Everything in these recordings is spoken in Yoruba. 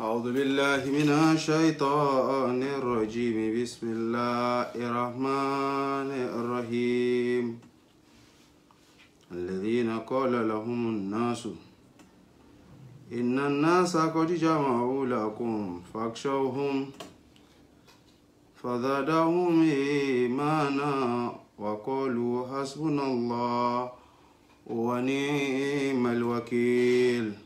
أعوذ بالله من الشيطان الرجيم بسم الله الرحمن الرحيم الذين قال لهم الناس إن الناس قد جمعوا لكم فاخشوهم فزادهم إيمانا وقالوا حسبنا الله ونعم الوكيل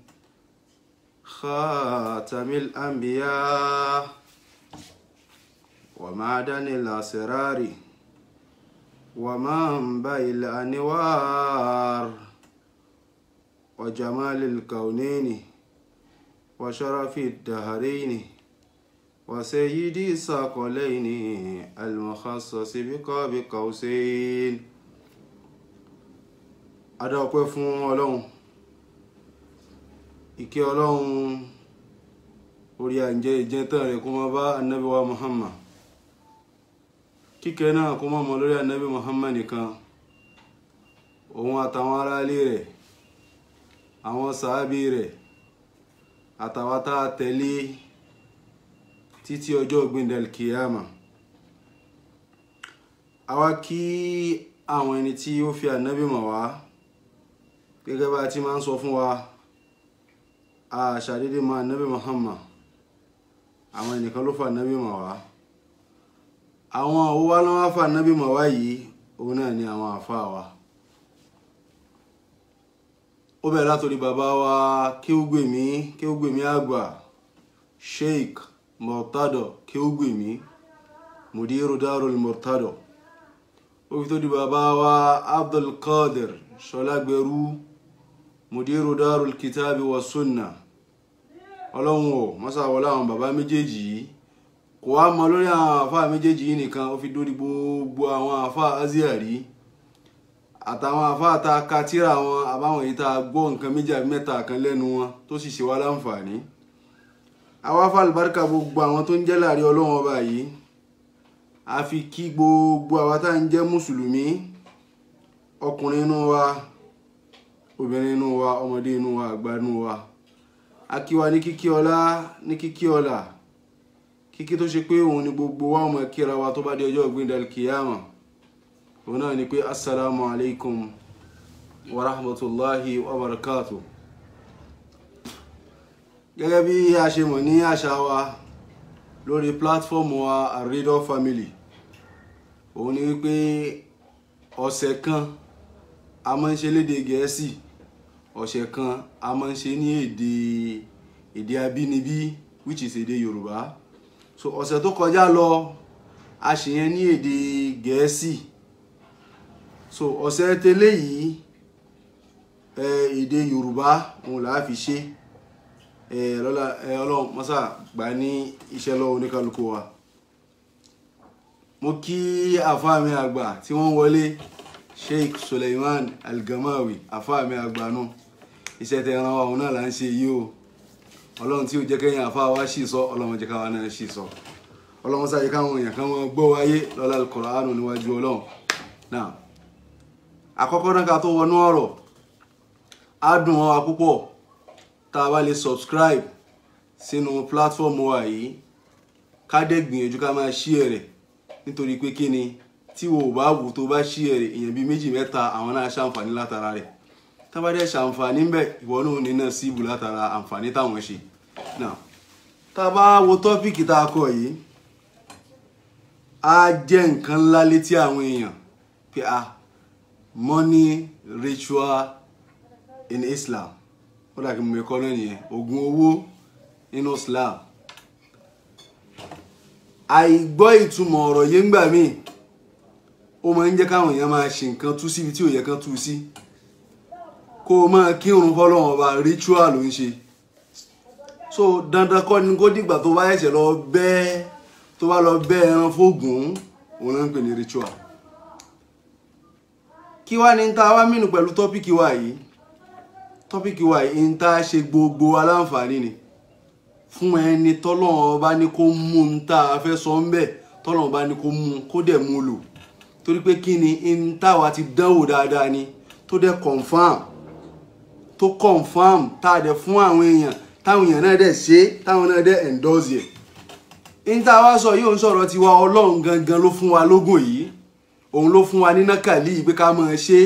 خاتم الأنبياء ومعدن الأسرار ومنبع الأنوار وجمال الكونين وشرف الدهرين وسيدي الثقلين المخصص بقاب قوسين adá ọpẹ́ fún ìkẹ́ ọlọ́run orí àǹjẹ́ ìjẹ́ntàn rẹ̀ kó máa bá anabi muhammad kíkẹ́ náà kó máa mọ lórí anabi muhammad nìkan òun àtàwọn aráalé rẹ̀ àwọn sàábì rẹ̀ àtàwọn tá a tẹ̀lé títí ọjọ́ gbìndẹ̀l kìyàmà àwa kí àwọn ẹni tí ó fi ànábì mọ̀ wá gẹ́gẹ́ bá a ti máa ń sọ fún wa àṣàdédé mọ anabi Muhammad àwọn ẹnìkan ló fa anabi mọ wá àwọn owó wa ló wá fa anabi mọ wá yìí òun náà ni àwọn àfa wa ó bẹ̀rẹ̀ látòrí bàbá wa Kéwúgbèmí Kéwúgbèmí àgbà Sheikh Murtado Kéwúgbèmí mudiru darul Murtado ó fi tó bàbá wa Abdulkadir Ṣọlágbẹrú mudiru darul kitabi wa sunna ọlọ́run ò mọ́sàwọlé àwọn bàbá méjèèjì yìí kò wá mọ lórí àwọn àáfàá méjèèjì yìí nìkan ó fi dórí gbogbo àwọn àáfàá azíàrí àtàwọn àáfàá tá a ka tíra wọn àbáwọn èyí tá a gbọ́ nǹkan méjì àbí mẹ́ta kan lẹ́nu wọn tó sì ṣe wá láǹfààní àwa fàlùbáríkà gbogbo àwọn tó ń jẹ́ láàrin ọlọ́run ọba yìí a fi kí gbogbo àwa tá à ń jẹ́ mùsùlùmí ọkùnrin inú wa obìnrin inú wa ọmọdé inú wa àgbà inú wa akíwa ní kíkí niki ní kíkí ọlá kíkí tó ṣe pé òun ni gbogbo wa ọmọ kíra wa tó bá di ọjọ́ ìgbìndà kìyàmà òun náà ni pé assalamu alaikum wa rahmatulahi wa barakatu gẹ́gẹ́ bí a ṣe mọ̀ ní àṣà wa lórí pílátífọ́ọ̀mù wa àrídọ́ family òun ni wípé ọ̀sẹ̀ kan a máa ń ṣe léde gẹ̀ẹ́sì. Si ọ̀sẹ̀ kan a máa ń ṣe ní èdè èdè abínibí which is èdè yorùbá so ọ̀sẹ̀ tó kọjá lọ a ṣe yẹn ní èdè gẹ̀ẹ́sì so ọ̀sẹ̀ tẹ́lẹ̀ yìí èdè yorùbá òun là á fi ṣe ọlọ́run mọ́sá gbà ní iṣẹ́ lọ́wọ́ oníkálukú wa mo kí àfáà mi àgbà tí wọ́n wọlé Sheikh Suleiman Algamawi àfáà mi àgbà náà iṣẹ́ tẹ ẹran wa òun náà là ń ṣe yìí o ọlọ́run tí ò jẹ́ kẹ́yìn àfa wa ṣì sọ ọlọ́run jẹ́ káwa náà ṣì sọ ọlọ́run sáyé káwọn èèyàn kan wọn gbọ́ wáyé lọ́lá Al-Qur'an níwájú ọlọ́run náà àkọ́kọ́ náà ká tó wọnú ọ̀rọ̀ á dùn wọn wa púpọ̀ tá a bá lè subscribe sínú platform wa yìí ká dẹ̀ gbìyànjú ká máa share rẹ̀ nítorí pé kí ni tí wo ò bá wù tó bá share rẹ̀ èèyàn bíi méjì mẹ́ta àwọn náà ṣàǹfààní látara rẹ̀ tán bá dẹ̀ ṣàǹfààní bẹ̀ ìwọ náà ní náà síbù látara àǹfààní táwọn ṣe náà tá a bá wo tọ́pìkì tá a kọ yìí á jẹ́ nǹkan ńlá létí àwọn èèyàn pé a money ritual in Islam ó dàgbé mo kọ́ náà nìyẹn oògùn owó nínú Islam àìgbọ́ ìtumọ̀ ọ̀rọ̀ yé ńgbà míì ó máa ń jẹ́ káwọn èèyàn máa ṣe nǹkan tú síbi tí ò yẹ kán tú sí. Si kó o máa kírun fọlọ́wọ́n ọba ritual ń ṣe so dandan kọ́ ni kó dìgbà tó bá ẹ̀ṣẹ̀ lọ bẹ́ẹ̀ tó bá lọ bẹ́ẹ̀ ẹran fóògùn òun náà ń pè ní ritual kí wá ní ta wá mìnú pẹ̀lú tọ́pìkì wa yìí tọ́pìkì wa yìí ń ta ṣe gbogbo aláǹfààní ni fún ẹni tọ́lọ́run bá ní kó mú un tá a fẹ́ sọ ń bẹ̀ tọ́lọ́run bá ní kó mú un kó dẹ̀ mú un lò torí pé kí ni ń táwa ti dánwò dáadáa ni tó dẹ̀ confam tó confam tá a dẹ̀ fún àwọn èèyàn táwọn èèyàn náà dẹ̀ ṣe táwọn náà dẹ̀ endorse yẹ̀ níta wá sọ yóò ń sọ̀rọ̀ tiwa ọlọ́run gangan ló fún wa lógún yìí òun ló fún wa ní nákàlí yìí pé ká máa ṣe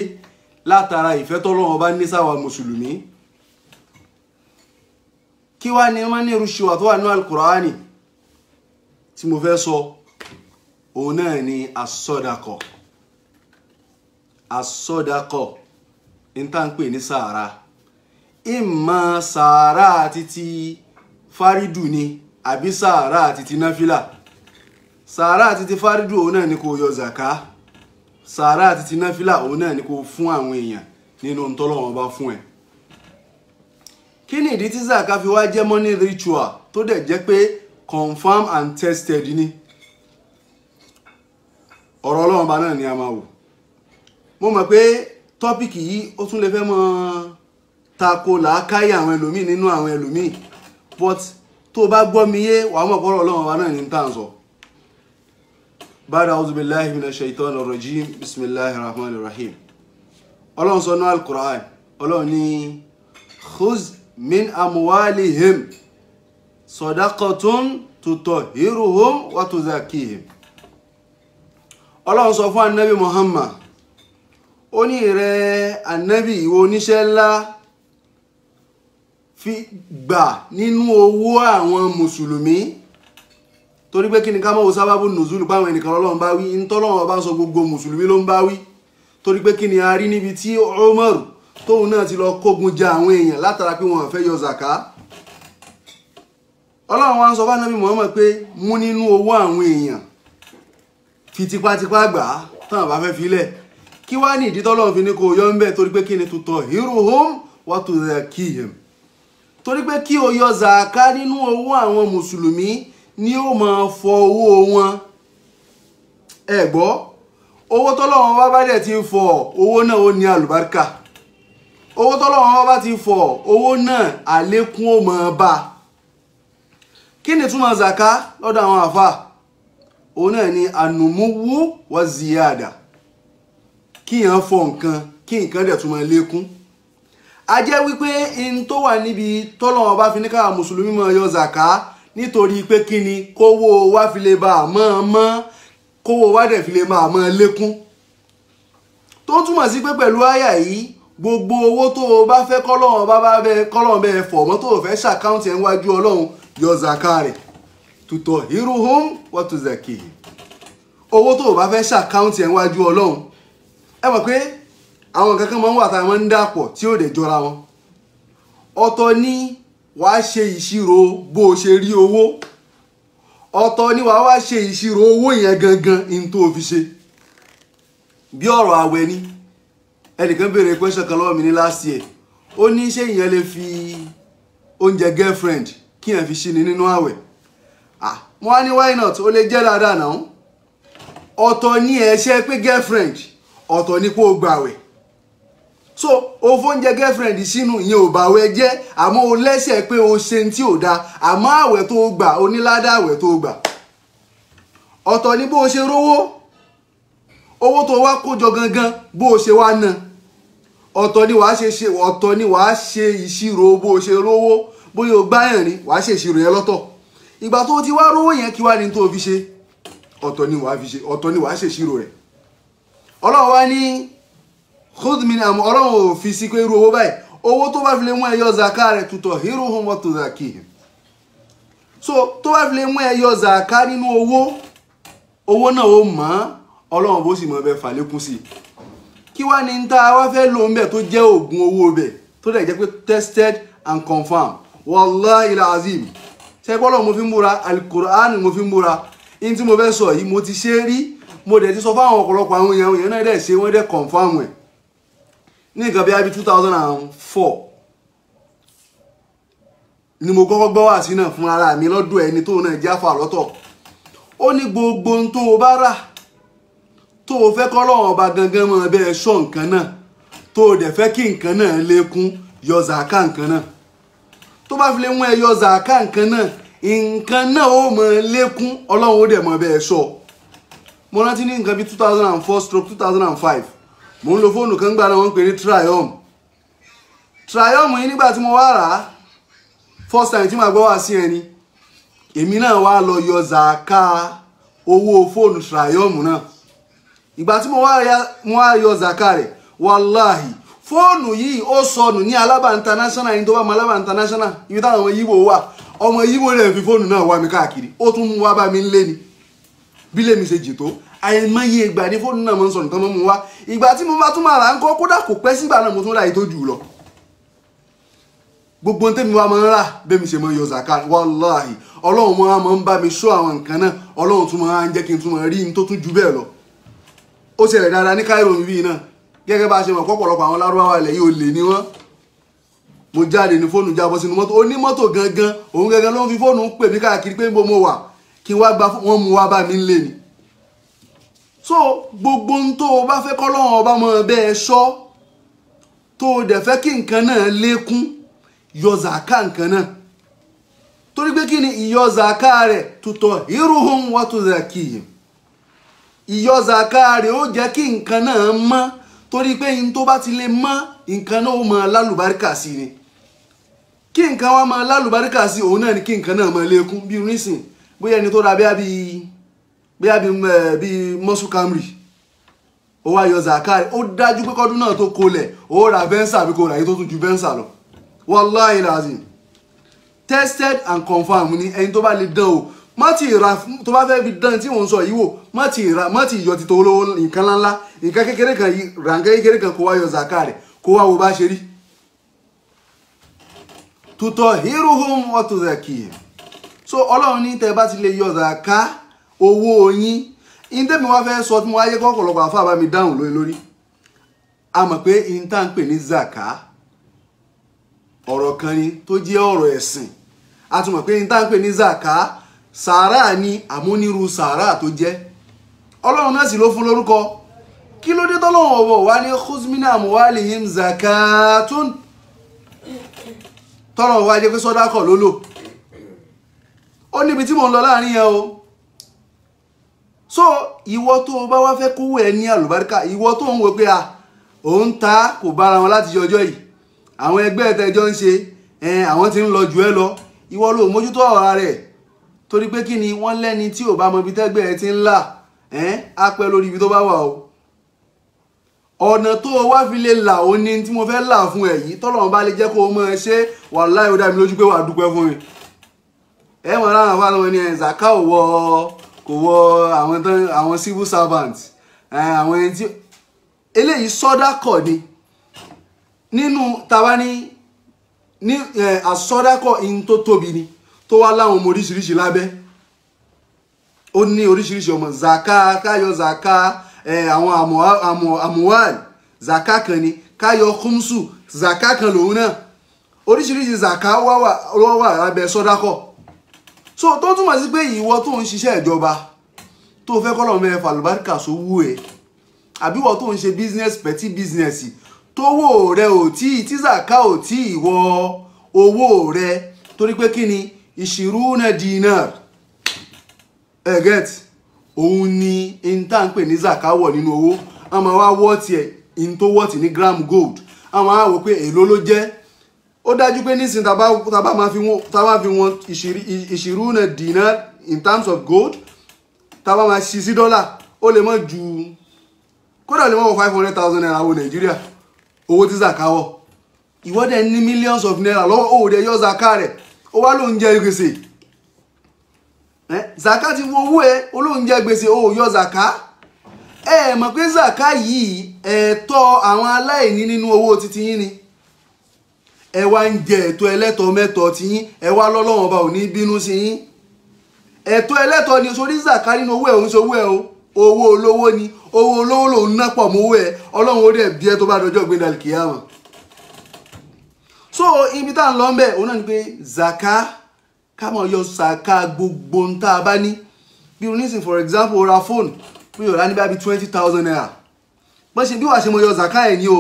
látara ìfẹ́ tọ́lọ́run bá ní sáwa mùsùlùmí kí wá ní wọ́n ní rúṣùwà tó wà ní alukur'ani tí mo fẹ́ sọ òun náà ni asọ́dakọ̀ asọ́dakọ̀ ní tá à ń pè ní sàárà ìmọ̀ sàárà títí fárídù ni àbí sàárà títí náfìlà sàárà títí fárídù òun náà ni kò yọ zàká sàárà títí náfìlà òun náà ni kò fún àwọn èèyàn nínú ntọ́lọ́wọ́n bá fún ẹ kí ni ìdí tí zaka fi wá jẹ́ money ritual tó dẹ̀ jẹ́ pé confirm and tested ni ọ̀rọ̀ ọlọ́run bá náà ni a máa wò mo mọ̀ pé tọ́pìkì yìí ó tún lè fẹ́ mọ́ ọ́n tako làákàyè àwọn ẹlòmíì nínú àwọn ẹlòmíì but tó o bá gbọ́ mi yé wàá mọ̀ pọ́rọ̀ ọlọ́run wa náà ní tàn sọ. bára auzu billahi minash shaitani rajim bismillahir rahmanir rahim ọlọ́run sọ ní alukur'an ọlọ́run ní khuz min amuwalihim sọdakọtun tutọhiruhum watuzakihim ọlọ́run sọ fún anabi muhammad ó ní ìrẹ anabi ìwọ oníṣẹ́ ńlá fi gbà nínú owó àwọn mùsùlùmí torí pé kí ni ká mọ̀ wo sábàbù nùzúlù báwọn ẹnìkan lọ́lọ́run bá wí ntọ́lọ́run bá sọ gbogbo mùsùlùmí ló ń bá wí torí pé kí ni a rí níbi tí Umar tóun náà ti lọ kógun ja àwọn èèyàn látara pé wọn fẹ́ yọ zaka ọlọ́run wa ń sọ fún anabi Muhammad pé mú nínú owó àwọn èèyàn fi tipátipá gbà á tán àbá fẹ́ filẹ̀ kí wàá ní ìdí tọ́lọ́run fi ní kó yọ ń bẹ̀ torí pé kí ni tutọ̀ hiruhum wa tudhakihim torí pé kí o yọ zàká nínú owó àwọn mùsùlùmí ni ó máa fọ owó wọn ẹ gbọ́ owó tọ́lọ́wọ́n bá bá dẹ̀ ti ń fọ owó náà ó ní àlùbáríkà owó tọ́lọ́wọ́n bá ti fọ owó náà àlékún ó máa bá kí ni túmọ̀ zàká lọ́dọ̀ àwọn àfà òun náà ni ànùmúwú wà ziyada kíyàn fọ nǹkan kí nǹkan dẹ̀ tún máa lékún a jẹ́ wípé in tó wà níbi tọ́lọ́wọ́n bá fi ní káwọn mùsùlùmí máa yọ zàká nítorí pé kí ni kówó wa fi lè ba àmọ́ mọ́ kówó wa dẹ̀ fi lè máa mọ́ lékún tó túmọ̀ sí pé pẹ̀lú àyà yìí gbogbo owó tó o bá fẹ́ kọ́lọ́wọ́n bá bá bẹ́ẹ̀ kọ́lọ́wọ́n bẹ́ẹ̀ fọ̀ mọ́ tó o fẹ́ ṣàkáǹtì ẹ̀ ń wájú ọlọ́run yọ zàká rẹ̀ tutọ̀ hiruhum wọ́n tu zàkì owó tó o bá fẹ́ ṣàkáǹtì ẹ̀ ń wájú ọlọ́run ẹ mọ̀ pé àwọn kankan máa ń wà tá a máa ń dàpọ̀ tí ò dẹ̀ jọra wọn ọ̀tọ̀ ni wàá ṣe ìṣirò bó o ṣe rí owó ọ̀tọ̀ ni wàá wá ṣe ìṣirò owó yẹn gangan in tó fi ṣe bí ọ̀rọ̀ àwẹ̀ ni ẹnìkan béèrè question kan lọ́wọ́ mi ní last year ó ní ṣé ìyẹn lè fi oúnjẹ girlfriend kí yẹn fi ṣí ni nínú àwẹ̀ ah mo wá ní why not ó lè jẹ́ dáadáa náà ọ̀tọ̀ ni ẹ̀ ṣe pé girlfriend ọ̀tọ̀ ni kó o gbàwẹ̀ so o fóúnjẹ girlfriend sínú ìyẹn ò bàwẹ̀ jẹ́ àmọ́ o lẹ́sẹ̀ pé o ṣe ti ò da àmọ́ àwẹ̀ tó o gbà o ní ládà àwẹ̀ tó o gbà ọ̀tọ̀ ni bó o ṣe rówó owó tó wá kójọ gangan bó o ṣe wá ná ọ̀tọ̀ ni wàá ṣe ṣe ọ̀tọ̀ ni wàá ṣe ìṣirò bó o ṣe rówó bóyá o gbá yàn rí wàá ṣe ìṣirò yẹn lọ́tọ̀ ìgbà tó o ti wá rówó yẹn kí wá ní tó o fi ṣe ọ̀tọ̀ ni wàá fi ṣe ọ̀tọ̀ ni wàá ṣe ìṣirò rẹ̀ ọlọ́run wá ní khudmin am ọlọ́run ò fi sí pé irú owó báyìí owó tó bá fi lè mú ẹyọ zaka rẹ̀ tutọ̀ hírò hàn tó zaki so tó bá fi lè mú ẹyọ zaka nínú owó owó náà ó mọ̀ ọlọ́run bó sì mọ̀ bẹ́ẹ̀ fà lékún sí i kí wá ní ta wá fẹ́ lò ń bẹ̀ tó jẹ́ oògùn owó bẹ̀ tó dẹ̀ jẹ́ pé tested and confirmed wallahi ilazim sẹ́gbọ́lọ̀ mo fi ń búra alukur'an mo fi ń búra in tí mo fẹ́ sọ yìí mo ti ṣe é rí mo dẹ̀ ti sọ fáwọn ọ̀pọ̀lọpọ̀ àwọn èèyàn èèyàn náà dẹ̀ ṣe wọ́n dẹ̀ confirm ẹ̀ ní nǹkan bí i two ni mo kọ́kọ́ gbọ́ wá sí náà fún ara mi lọ́dọ̀ ẹni tó náà jẹ́ àfà lọ́tọ̀ ó ní gbogbo ohun tó o bá rà tó o fẹ́ kọ́ lọ́wọ́ ọba gangan mọ́ bẹ́ẹ̀ ṣọ́ nǹkan náà tó o dẹ̀ fẹ́ kí nǹkan náà lékún yọ zàká nǹkan náà tó bá fi lè mú ẹ yọ zàká nǹkan náà nǹkan náà ó mọ lékún ọlọ́run ó dẹ̀ mọ́ bẹ́ẹ̀ ṣọ́ mo rántí ní nǹkan bíi two stroke 2005. mo ń lo fóònù kan gbà náà wọ́n ń pè ní triumph triumph yìí nígbà tí mo wá rà á first time tí gbọ́ wá sí ẹni èmi náà wá lọ yọ zàká owó fóònù náà ìgbà tí mo wá yọ zàká rẹ̀ wàláhì fóònù yìí ó sọnù ní Alaba International ẹni tó bá mọ Alaba International ibi táwọn ọmọ wà ọmọ yíbo fi fóònù náà wá mi káàkiri ó tún wá bá mi ń lé ni àìmọye ìgbà ní fóònù náà mo ń sọ̀rọ̀ tán mọ́ mu wá ìgbà tí mo bá tún máa rà ń kọ́ kódà kò pẹ́ sígbà náà mo tún ra èyí tó jù lọ gbogbo tẹ́mi wa máa ń rà bẹ́mi ṣe máa ń yọ zakat wàláhì ọlọ́run máa máa ń bá mi ṣọ́ àwọn nǹkan náà ọlọ́run tún máa ń jẹ́ kí n tún máa rí n tó tún jù bẹ́ẹ̀ lọ ó ṣẹlẹ̀ dáadáa ní káírò mi bíi náà gẹ́gẹ́ bá a ṣe mọ̀ pọ̀pọ̀lọpọ̀ àwọn lárúbáwá ilẹ̀ yìí ò lè ní wọ́n mo jáde ní fóònù jábọ́ sínú mọ́tò onímọ́tò gangan òun gangan ló ń fi fóònù pè mí káàkiri pé mo wà kí n wá gba so gbogbo ohun tó o bá fẹ́ kọ́lọ́run ọba mọ̀ bẹ́ẹ̀ sọ tó o dẹ̀ fẹ́ kí nǹkan náà lékún yọ zàká nǹkan náà torí pé kí ni ìyọ zàká rẹ̀ tutọ̀ iruhun wọ́n tó zà kì í ìyọ zàká rẹ̀ ó jẹ́ kí nǹkan náà mọ́ torí pé n tó bá ti lè mọ́ nǹkan náà ó mọ lálùbáríkà sí ni kí nǹkan wa mọ lálùbáríkà sí òun náà ni kí nǹkan náà mọ lékún bí irun bóyá ẹni tó ra bí i bóyá bíi muscle camry ó wá yọ zakari ó dájú pé kọ́dún náà tó kolẹ̀ ó ra venza àbí kò rà yìí tó tún ju venza lọ wàláhì lazim tested and confirmed ni ẹni tó bá lè dán o má ti ra tó bá fẹ́ fi dán tí wọ́n sọ yìí wò má ti ra má ti yọ ti tó nǹkan ńláńlá nǹkan kékeré kan yìí ràǹkẹ́ kékeré kan kó wá yọ zakari kó wá wo bá ṣe rí tutọ hiruhum ọtúnzẹkì so ọlọ́run ní tẹ bá ti lè yọ zaka owó yín ìdẹ́mi wá fẹ́ sọ tí mo wáyé kọ́kọ̀lọ́kọ̀ àfa bá mi dáhùn lórí lórí a mọ̀ pé ìta ń pè ní zaka ọ̀rọ̀ kan ni tó jẹ́ ọ̀rọ̀ ẹ̀sìn a tún mọ̀ pé ìta ń pè ní zaka sàárà ni àmúnirú sàárà tó jẹ́ ọlọ́run náà sì ló fún lórúkọ kí ló dé tọ́lọ́wọ́ ọ̀bọ̀ wá ní kuzmina muwalihim zakatun tọ́lọ́wọ́ wá jẹ́ pé sọ́dákọ̀ lólò ó níbi tí mò ń lọ láàrin yẹn o so ìwọ tó o bá wá fẹ́ kówó ẹ ní àlùbáríkà ìwọ tó ń wo pé a òun ta kò bára wọn láti ọjọ́ yìí àwọn ẹgbẹ́ ẹ̀tẹ́jọ́ ń ṣe àwọn tí ń lọ jù ẹ lọ ìwọ ló mójútó ọ̀rá rẹ̀ torí pé kí ni wọ́n lẹ́ni tí ò bá mọ ibi tẹ́gbẹ́ ẹ ti ń là á pẹ́ lórí ibi tó bá wà o ọ̀nà tó o wá fi lè là ó ní tí mo fẹ́ là fún ẹ yìí tọ́lọ́run bá lè jẹ́ kó o mọ̀ ṣe wàláhì ó dá mi lójú pé wàá dúpẹ́ fún mi ẹ mọ̀ láwọn afáàlọ́ ni ẹ̀ zaka ò kò wọ àwọn tán àwọn civil servant àwọn ẹni tí eléyìí sọ́dá kọ̀ ni nínú tàbá ní ní àsọ́dá kọ̀ in tó tóbi ni tó wá láwọn ọmọ oríṣiríṣi lábẹ́ ó ní oríṣiríṣi ọmọ zaka káyọ zaka àwọn àmúwàl zaka kan ni káyọ kúmsù zaka kan lòun náà oríṣiríṣi zaka wà wà lábẹ́ sọ́dá kọ̀ so tó túmọ̀ sí pé ìwọ tó ń ṣiṣẹ́ ìjọba tó fẹ́ kọ́lọ̀ mẹ́rin falùbáríkà sówó ẹ̀ àbí ìwọ tó ń ṣe business petty business tówó rẹ ò tí tíṣàká ò tí ìwọ owó rẹ torí pé kí ni ìṣirú náà dinar ẹ get òun ni intanpe ní zakawọ nínú owó àmọ́ wá wọ́ọ̀tì ẹ̀ in tó wọ́ọ̀tì ní gram gold àmọ́ àwọn wò pé èló ló jẹ́ ó dájú pé nísìn tàbá máa fi wọn ìṣirú náà dinar in terms of gold tàbá máa ṣi sí dọ́là ó lè mọ̀ ju kódà lè mọ̀ five hundred thousand naira wo nàìjíríà owó tí zaka wọ̀ ìwọ́dẹ̀ ní millions of naira lọ́wọ́ òòdẹ̀ yọ zaka rẹ̀ ó wá ló ń jẹ gbèsè zaka ti wo owó ẹ olóhùn jẹ gbèsè ó yọ zaka ẹ mọ̀ pé zaka yìí ẹ̀tọ́ àwọn aláìní nínú owó titi yín ni. Eh, ẹ wá ń jẹ ẹ̀tọ́ ẹlẹ́tọ̀ọ́ mẹ́tọ̀ọ́ ti yín ẹ wá lọ́lọ́wọ́n bá ò ní bínú sí yín ẹ̀tọ́ ẹlẹ́tọ̀ọ́ ni sórí zaka nínú owó ẹ̀ òun sowó ẹ̀ o owó olówó ni owó olówó lòun ná pọ̀ mówó ẹ̀ ọlọ́run ó dẹ̀ bí ẹ tó bá dọjọ́ gbé dàlùkì yàmọ̀ so ibi tá à ń lọ mbẹ òun náà ni pé zaka ká máa yọ zaka gbogbo ń tá a bá ní bí o nísìn for example ra fóònù pé yóò rà ní twenty thousand naira bó ṣe bí wàá ṣe mo yọ zaka ẹ̀ ní o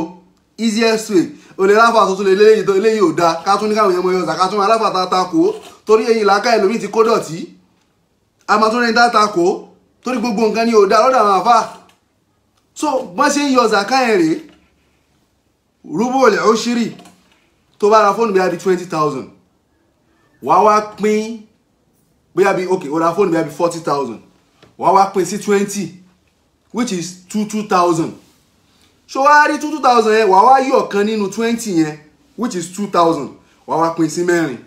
easiest way o lè ráfà tuntun lè léyìn eléyìí ò da ká tún ní káwọn èèyàn mọ ẹyọ zaka tún máa ráfà tata kó torí eyín làákà ẹlòmíì ti kó dọ̀tí amatúndé tata kó torí gbogbo nǹkan ni ò da lọ́dọ̀ àwọn àfà so bọ́n ṣe ń yọ zaka ẹ̀ rèé rúbò lè ó ṣírì tó bá ra fóònù bí i adi twenty thousand wàá wá pín bóyá bí ok o ra fóònù bóyá bí forty thousand wàá wá pín sí twenty which is two two thousand So wá rí two thousand yẹn wàá wá yí ọ̀kan nínú twenty yẹn which is two thousand wàá wá pín sí mẹ́rin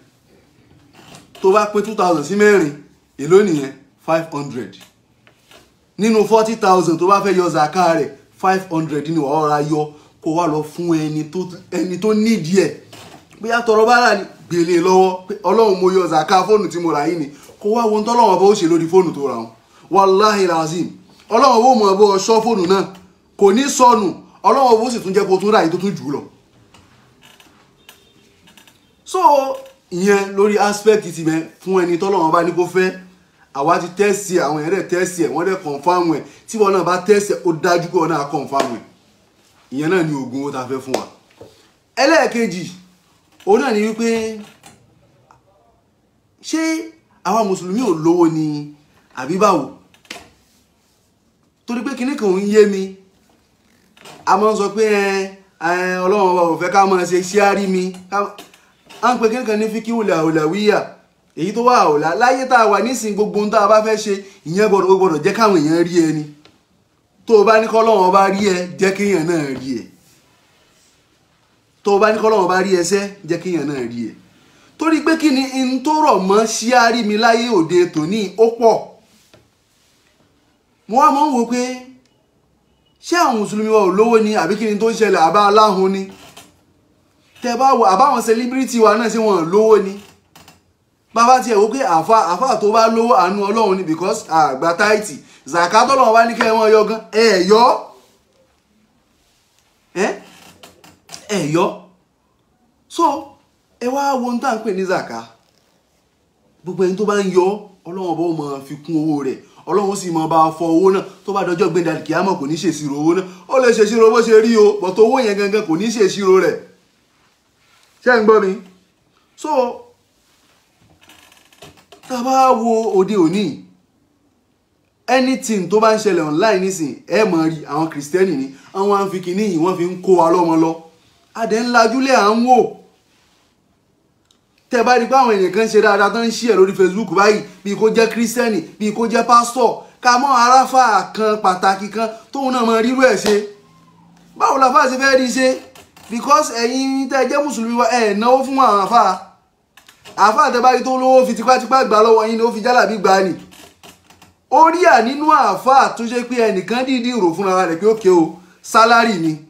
tó bá pín two thousand sí mẹ́rin èló nìyẹn five hundred nínú forty thousand tó bá fẹ́ yọ zaka rẹ̀ five hundred ni wàá rọra yọ kó wá lọ fún ẹni tó nídìí ẹ̀ bóyá tọrọ bára ni gbèlè lọ́wọ́ pé ọlọ́run mo yọ zaka fóònù tí mo rà yìí ni kó wá wọn tọ́lọ́wọ́n bó ṣe lórí fóònù tó ra wọn wàláhì razim ọlọ́run bó mọ̀ bó ṣọ́ fóònù náà kò ní sọnù ọlọ́wọ́ owó sì tún jẹ́ kó tún ráyè tó tún jù ú lọ. so ìyẹn lórí aspect ti mẹ fún ẹni tọ́lọ́wọ́n bá ní kó fẹ́ àwa ti tẹ́sì àwọn èèyàn dẹ̀ tẹ́sì ẹ̀ wọ́n dẹ̀ kọ̀ǹfàmù ẹ̀ tí wọn náà bá tẹ́sì ẹ̀ ó dájú pé wọn náà kọ̀ǹfàmù ẹ̀ ìyẹn náà ni oògùn owó ta fẹ́ fún wa. ẹlẹ́ẹ̀kejì òun náà ni wípé ṣé àwa mùsùlùmí ò lówó ni àbí báwo torí pé kinní kan ń yé mi a máa ń sọ pé ọlọ́run ọba ò fẹ́ ká máa ṣe ṣíárí mi à ń pe kíkan ní fíkí wùlà wùlà wíyà èyí tó wà àwòlá láyé tá a wà nísìnyí gbogbo ohun tá a bá fẹ́ ṣe ìyẹn gbọdọ̀ gbọdọ̀ jẹ́ káwọn èèyàn rí ẹni tó o bá ní kọ́lọ́run ọba rí ẹ jẹ́ kéèyàn náà rí ẹ tó o bá ní kọ́lọ́run ọba rí ẹ sẹ́ jẹ́ kéèyàn náà rí ẹ torí pé kí ni n tó rọ̀ mọ́ ṣíárí mi láyé òde tòní ó pọ̀ mo wá mọ́ ń pé ṣé àwọn mùsùlùmí wa ò lówó ni àbí kí ni tó ń ṣẹlẹ̀ àbá aláhùn ni tẹ bá wọ àbáwọn sẹlíbírìtì wa náà ṣé wọn lówó ni bàbá tiẹ̀ wò pé àfa àfa tó bá lówó àánú ọlọ́run ni because àgbà táìtì zakato lọ́wọ́ wá ní kẹ́ wọ́n yọ gan ẹ̀ yọ ẹ̀ yọ so ẹ wá wo ohun tá à ń pè ní zaka gbogbo ẹni tó bá ń yọ ọlọ́run ọba ó fi kún owó rẹ̀ ọlọ́run sì mọ bá fọ owó náà tó bá dọjọ́ gbẹ̀dẹ̀ àlìkíyàmọ̀ kò ní ṣèṣirò owó náà ó lè ṣèṣirò bó ṣe rí o bọ̀tọ̀ owó yẹn gangan kò ní ṣèṣirò rẹ̀ ṣé ń gbọ́ mi so tá a bá wo òde òní anything tó bá ń ṣẹlẹ̀ online nísìn ẹ mọ̀ rí àwọn kìrìsìtẹ́nì ni àwọn àǹfikì níyì wọ́n fi ń kó wa lọ́mọ lọ adẹ́ à ń wò tẹ́ bá rí pé àwọn èèyàn kan ṣe dáadáa tó ń ṣí ẹ̀ lórí facebook báyìí bíi kó jẹ́ kírísítẹ́nì bíi kó jẹ́ pásítọ̀ ká mọ́ aráfà kan pàtàkì kan tóun náà mọ rírú ẹ̀ ṣe báwo la fà ṣe fẹ́ rí ṣe because ẹ̀yin tẹ́ jẹ́ mùsùlùmí wa ẹ̀ náwó fún àwọn àfà àfà tẹ́ bá rí tó lówó fi tipátipá gbà lọ́wọ́ yín ni ó fi jálàbí gbà ni ó rí à nínú àfà tó ṣe pé ẹnìkan dídí rò fúnra rẹ̀ pé ó ké o sálárì ni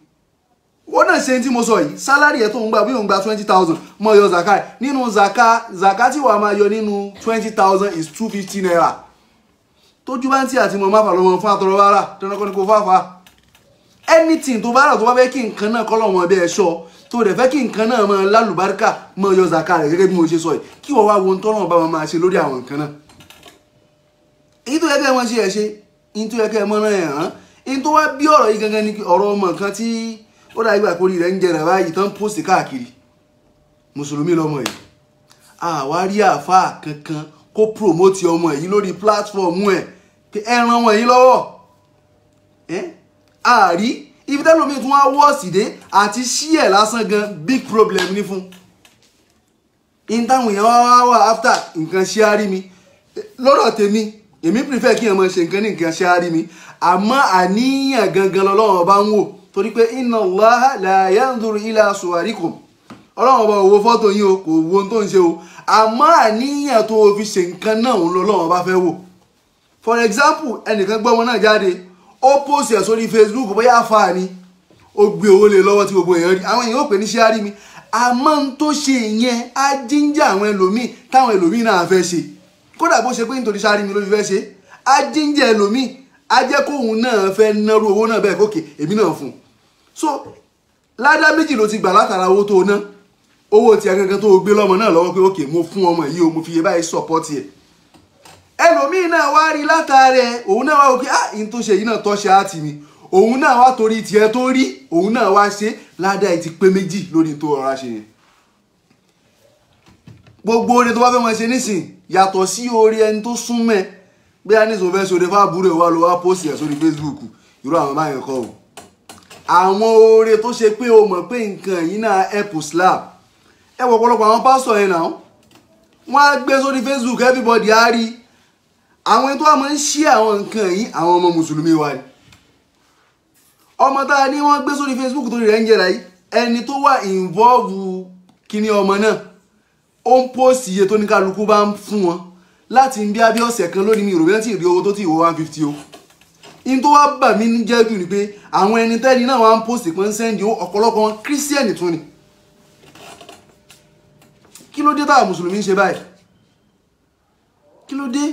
wọ́n náà ṣe tí mo sọ yìí sálárì ẹ̀ tó ń gbà bí òun gba twenty thousand mọ yọ zaka nínú zaka zaka tí wàá máa yọ nínú twenty thousand is two fifty naira tójú bá ń tì àti mọ̀ máa fà lọ́mọ fún àtọ̀rọ̀ bára dandan kọ́ ni kò fáfa anything tó bá rà tó bá fẹ́ kí nǹkan náà kọ́ lọ́mọ ẹbí ẹ ṣọ́ tó dẹ̀ fẹ́ kí nǹkan náà máa lálùbáríkà mọ yọ zaka rẹ̀ gẹ́gẹ́ bí mo ṣe sọ yìí kí wọ́n wá wo ohun tọ́lọ́mọ bá wọn máa ṣe lórí àwọn nǹkan náà èyí tó yẹ kẹ́ ẹ mọ́ ṣe ẹ̀ ṣe èyí tó yẹ kẹ́ ẹ mọ́ náà ẹ̀ hàn èyí tó wá bí ọ̀rọ̀ yìí gangan ni ọ̀rọ̀ ọmọ kan tí ó dàbí ìgbà kórìí rẹ̀ ń jẹrà báyìí tán pósì káàkiri mùsùlùmí lọmọ yìí àwárí àáfàá kankan kó promote ọmọ yìí lórí platform ẹ̀ pé ẹ ran wọn yìí lọ́wọ́ àárí ibi tẹ́lómi tún wá wọ́ọ̀sì dé àti ṣí ẹ̀ lásán gan big problem ní fún in táwọn èèyàn wá wá after nǹkan ṣe á rí mi lọ́rọ̀ tèmi èmi prefer kí èèyàn máa ṣe nǹkan ní nǹkan ṣe á rí mi àmọ́ àníyàn gangan lọ́lọ́run ọba ń wò torí pé inna Allaha la yanzuru ila suwarikum ọlọ́run ọba òwò fọ́tò yín o kò wo tó ń ṣe o àmọ́ àníyàn tó fi ṣe nǹkan náà òun lọ́lọ́run ọba fẹ́ wò for example ẹnìkan gbọ́mọ náà jáde ó post ẹ̀ sórí Facebook bóyá afáà ni ó gbé owó lé e lọ́wọ́ tí gbogbo èèyàn rí àwọn èèyàn ò pè ní ṣé á rí mi àmọ́ n tó ṣe yẹn á jíjà àwọn ẹlòmíì táwọn ẹlòmíì náà fẹ́ ṣe kódà bó ṣe pé nítorí ṣáà mi ló fi fẹ́ ṣe á jíjà ẹlòmíì á jẹ́ kóun náà fẹ́ náró owó náà bẹ́ẹ̀ gòkè èmi náà fún un so ládá méjì ló ti gbà látara owó tó ná owó tiẹ̀ kankan tó gbé lọ́mọ náà lọ́wọ́ pé ókè mo fún ọmọ yìí o mo fi báyìí sọ̀pọ́tì ẹ̀ ẹlòmíì náà wá rí látara ẹ̀ òun náà wá wò pé ah n tó ṣe yìí náà tọ́ṣe á tì mí òun náà wá torí tiẹ̀ tó rí òun náà wá ṣe ládá ẹ̀ ti pé méjì lórí tó ọ̀rá ṣe yẹn gbogbo oore tó bá fẹ́ mọ ṣe nísìn yàtọ̀ sí oore ẹni tó súnmọ́ ẹ bí a ní sọ fẹ́ ṣoore fábúrò wa lọ wá pósì ẹ̀ sórí Facebook irú àwọn báyẹn kọ́ o àwọn oore tó ṣe pé o mọ̀ pé nǹkan yìí náà ẹ̀pù slab ẹ wọ ọ̀pọ̀lọpọ̀ àwọn pásítọ̀ yẹn náà wọ́n á gbé sórí Facebook everybody á rí àwọn tó àmọ́ ń ṣí àwọn nǹkan yìí àwọn ọmọ mùsùlùmí wa ni ọmọ tá a ní wọ́n gbé sórí Facebook tó rẹ̀ ń jẹ́ra yìí ẹni tó wà involve kíní ọmọ náà ó ń post iye tó ní kálukú bá ń fún wọn láti ń bí abẹ́ ọ̀sẹ̀ kan lónìí mi ìròyìn ti rí owó tó ti wọ one fifty o in tó wá bà mí ní jẹ́jú ni pé àwọn ẹni tẹ́ni náà wá ń pòsì pé ń sẹ́ndì ó ọ̀pọ̀lọpọ̀ wọn kírísítẹ́nì tún ni kí ló dé táwọn mùsùlùmí ń ṣe báyìí kí ló dé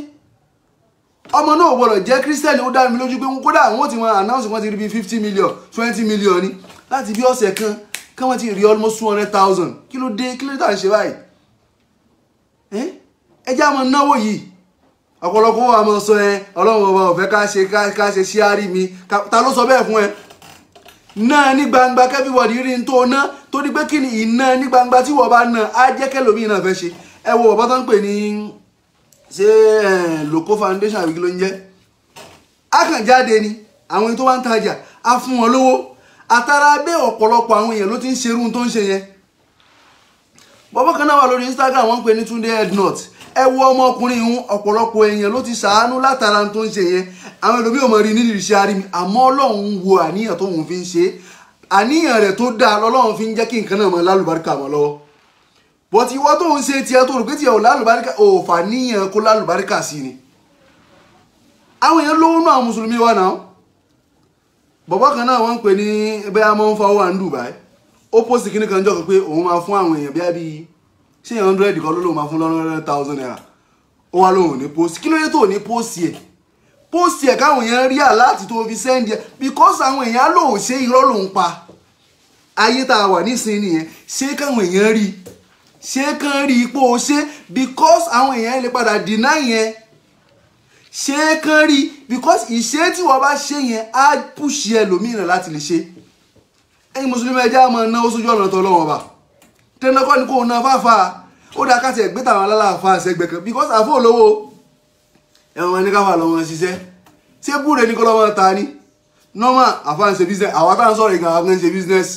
ọmọ náà gbọdọ̀ jẹ́ kírísítẹ́nì ó dá mi lójú pé kódà àwọn ò ti wọn announce wọn ti rí bí fifty million twenty million ni láti bí ọ̀sẹ̀ kan káwọn ti rí almost two hundred thousand kí ló dé kí ló dé táwọn ṣe báyìí ẹjẹ́ àmọ́ náwó yìí ọ̀pọ̀lọpọ̀ wa máa sọ ẹ ọlọ́run ọba ọ̀fẹ́ ká ṣe ká ṣe sí mi ta ló sọ bẹ́ẹ̀ fún ẹ náà ní gbangba kẹ́bíwọ̀dì rí tó ná torí pé kí ni ìná ní gbangba tí wọ́n bá ná á jẹ́ kẹ́lòmíì náà fẹ́ ṣe ẹ wo ọ̀bá tó ń pè ní ṣé eh, loco foundation àbí kí ló ń jẹ́ á kàn jáde ni àwọn tó bá ń tajà á fún wọn lówó àtàrà bẹ́ẹ̀ ọ̀pọ̀lọpọ̀ àwọn èèyàn ló ti ń ṣerú tó ń ṣe yẹn bọ́bọ́ kan náà wà lórí Instagram wọ́n ń pè ní Túndé headnut ẹ wo ọmọkùnrin ìhun ọ̀pọ̀lọpọ̀ èèyàn ló ti ṣàánú látara tó ń ṣe yẹn àwọn ẹlòmíì ò mọ rí nídìí ṣe arí mi àmọ́ ọlọ́run wo àníyàn tó ń fi ń ṣe àníyàn rẹ̀ tó dáa lọ́lọ́run fi ń jẹ́ kí nǹkan náà mọ lálùbáríkà mọ́ lọ́wọ́ bọ́tí ìwọ tó ń ṣe tiẹ̀ tó rò pé tiẹ̀ ò lálùbáríkà ò fà níyàn kó lálùbáríkà sí ni àwọn èèyàn lówó náà mùsùlùmí wà náà bọ̀bọ́ kan náà wọ́n ń pè ní bẹ́ẹ̀ amọ́ ń fa owó à ń Dubai ó pósìtì kíní kan jọ́ pé òun máa fún àwọn èèyàn bí ṣé hundred kan ló lóun máa fún lọ́nà hundred thousand naira ó wá lóun ní post kí ló dé tó ò ní post yẹ post yẹ káwọn èèyàn rí àláàtì tó fi send yẹ because àwọn èèyàn á lóun ṣe irọ́ lòun pa ayé tá a wà nísìnyí nìyẹn ṣé káwọn èèyàn rí ṣé kán rí ipò ṣe because àwọn èèyàn lè padà deny yẹn ṣé kán rí because ìṣe tí wọ́n bá ṣe yẹn á push ẹlòmíràn láti lè ṣe ẹ̀yin mùsùlùmí ẹja máa ná ó sójú ọ̀nà tó lọ́wọ́ bá tẹ́lẹ̀ kọ́ ni kò na fáfa ó dáa ká tiẹ̀ gbé tàwọn alálàáfà sẹ́gbẹ̀ kan because àfọ olówó ẹ̀wọ̀n máa ní káfà lọ́wọ́ ṣiṣẹ́ ṣé búre ní kọ́ lọ́wọ́ ta ni normal àfa ń ṣe business àwa táwọn sọ̀rọ̀ ìgbà àwọn ń ṣe business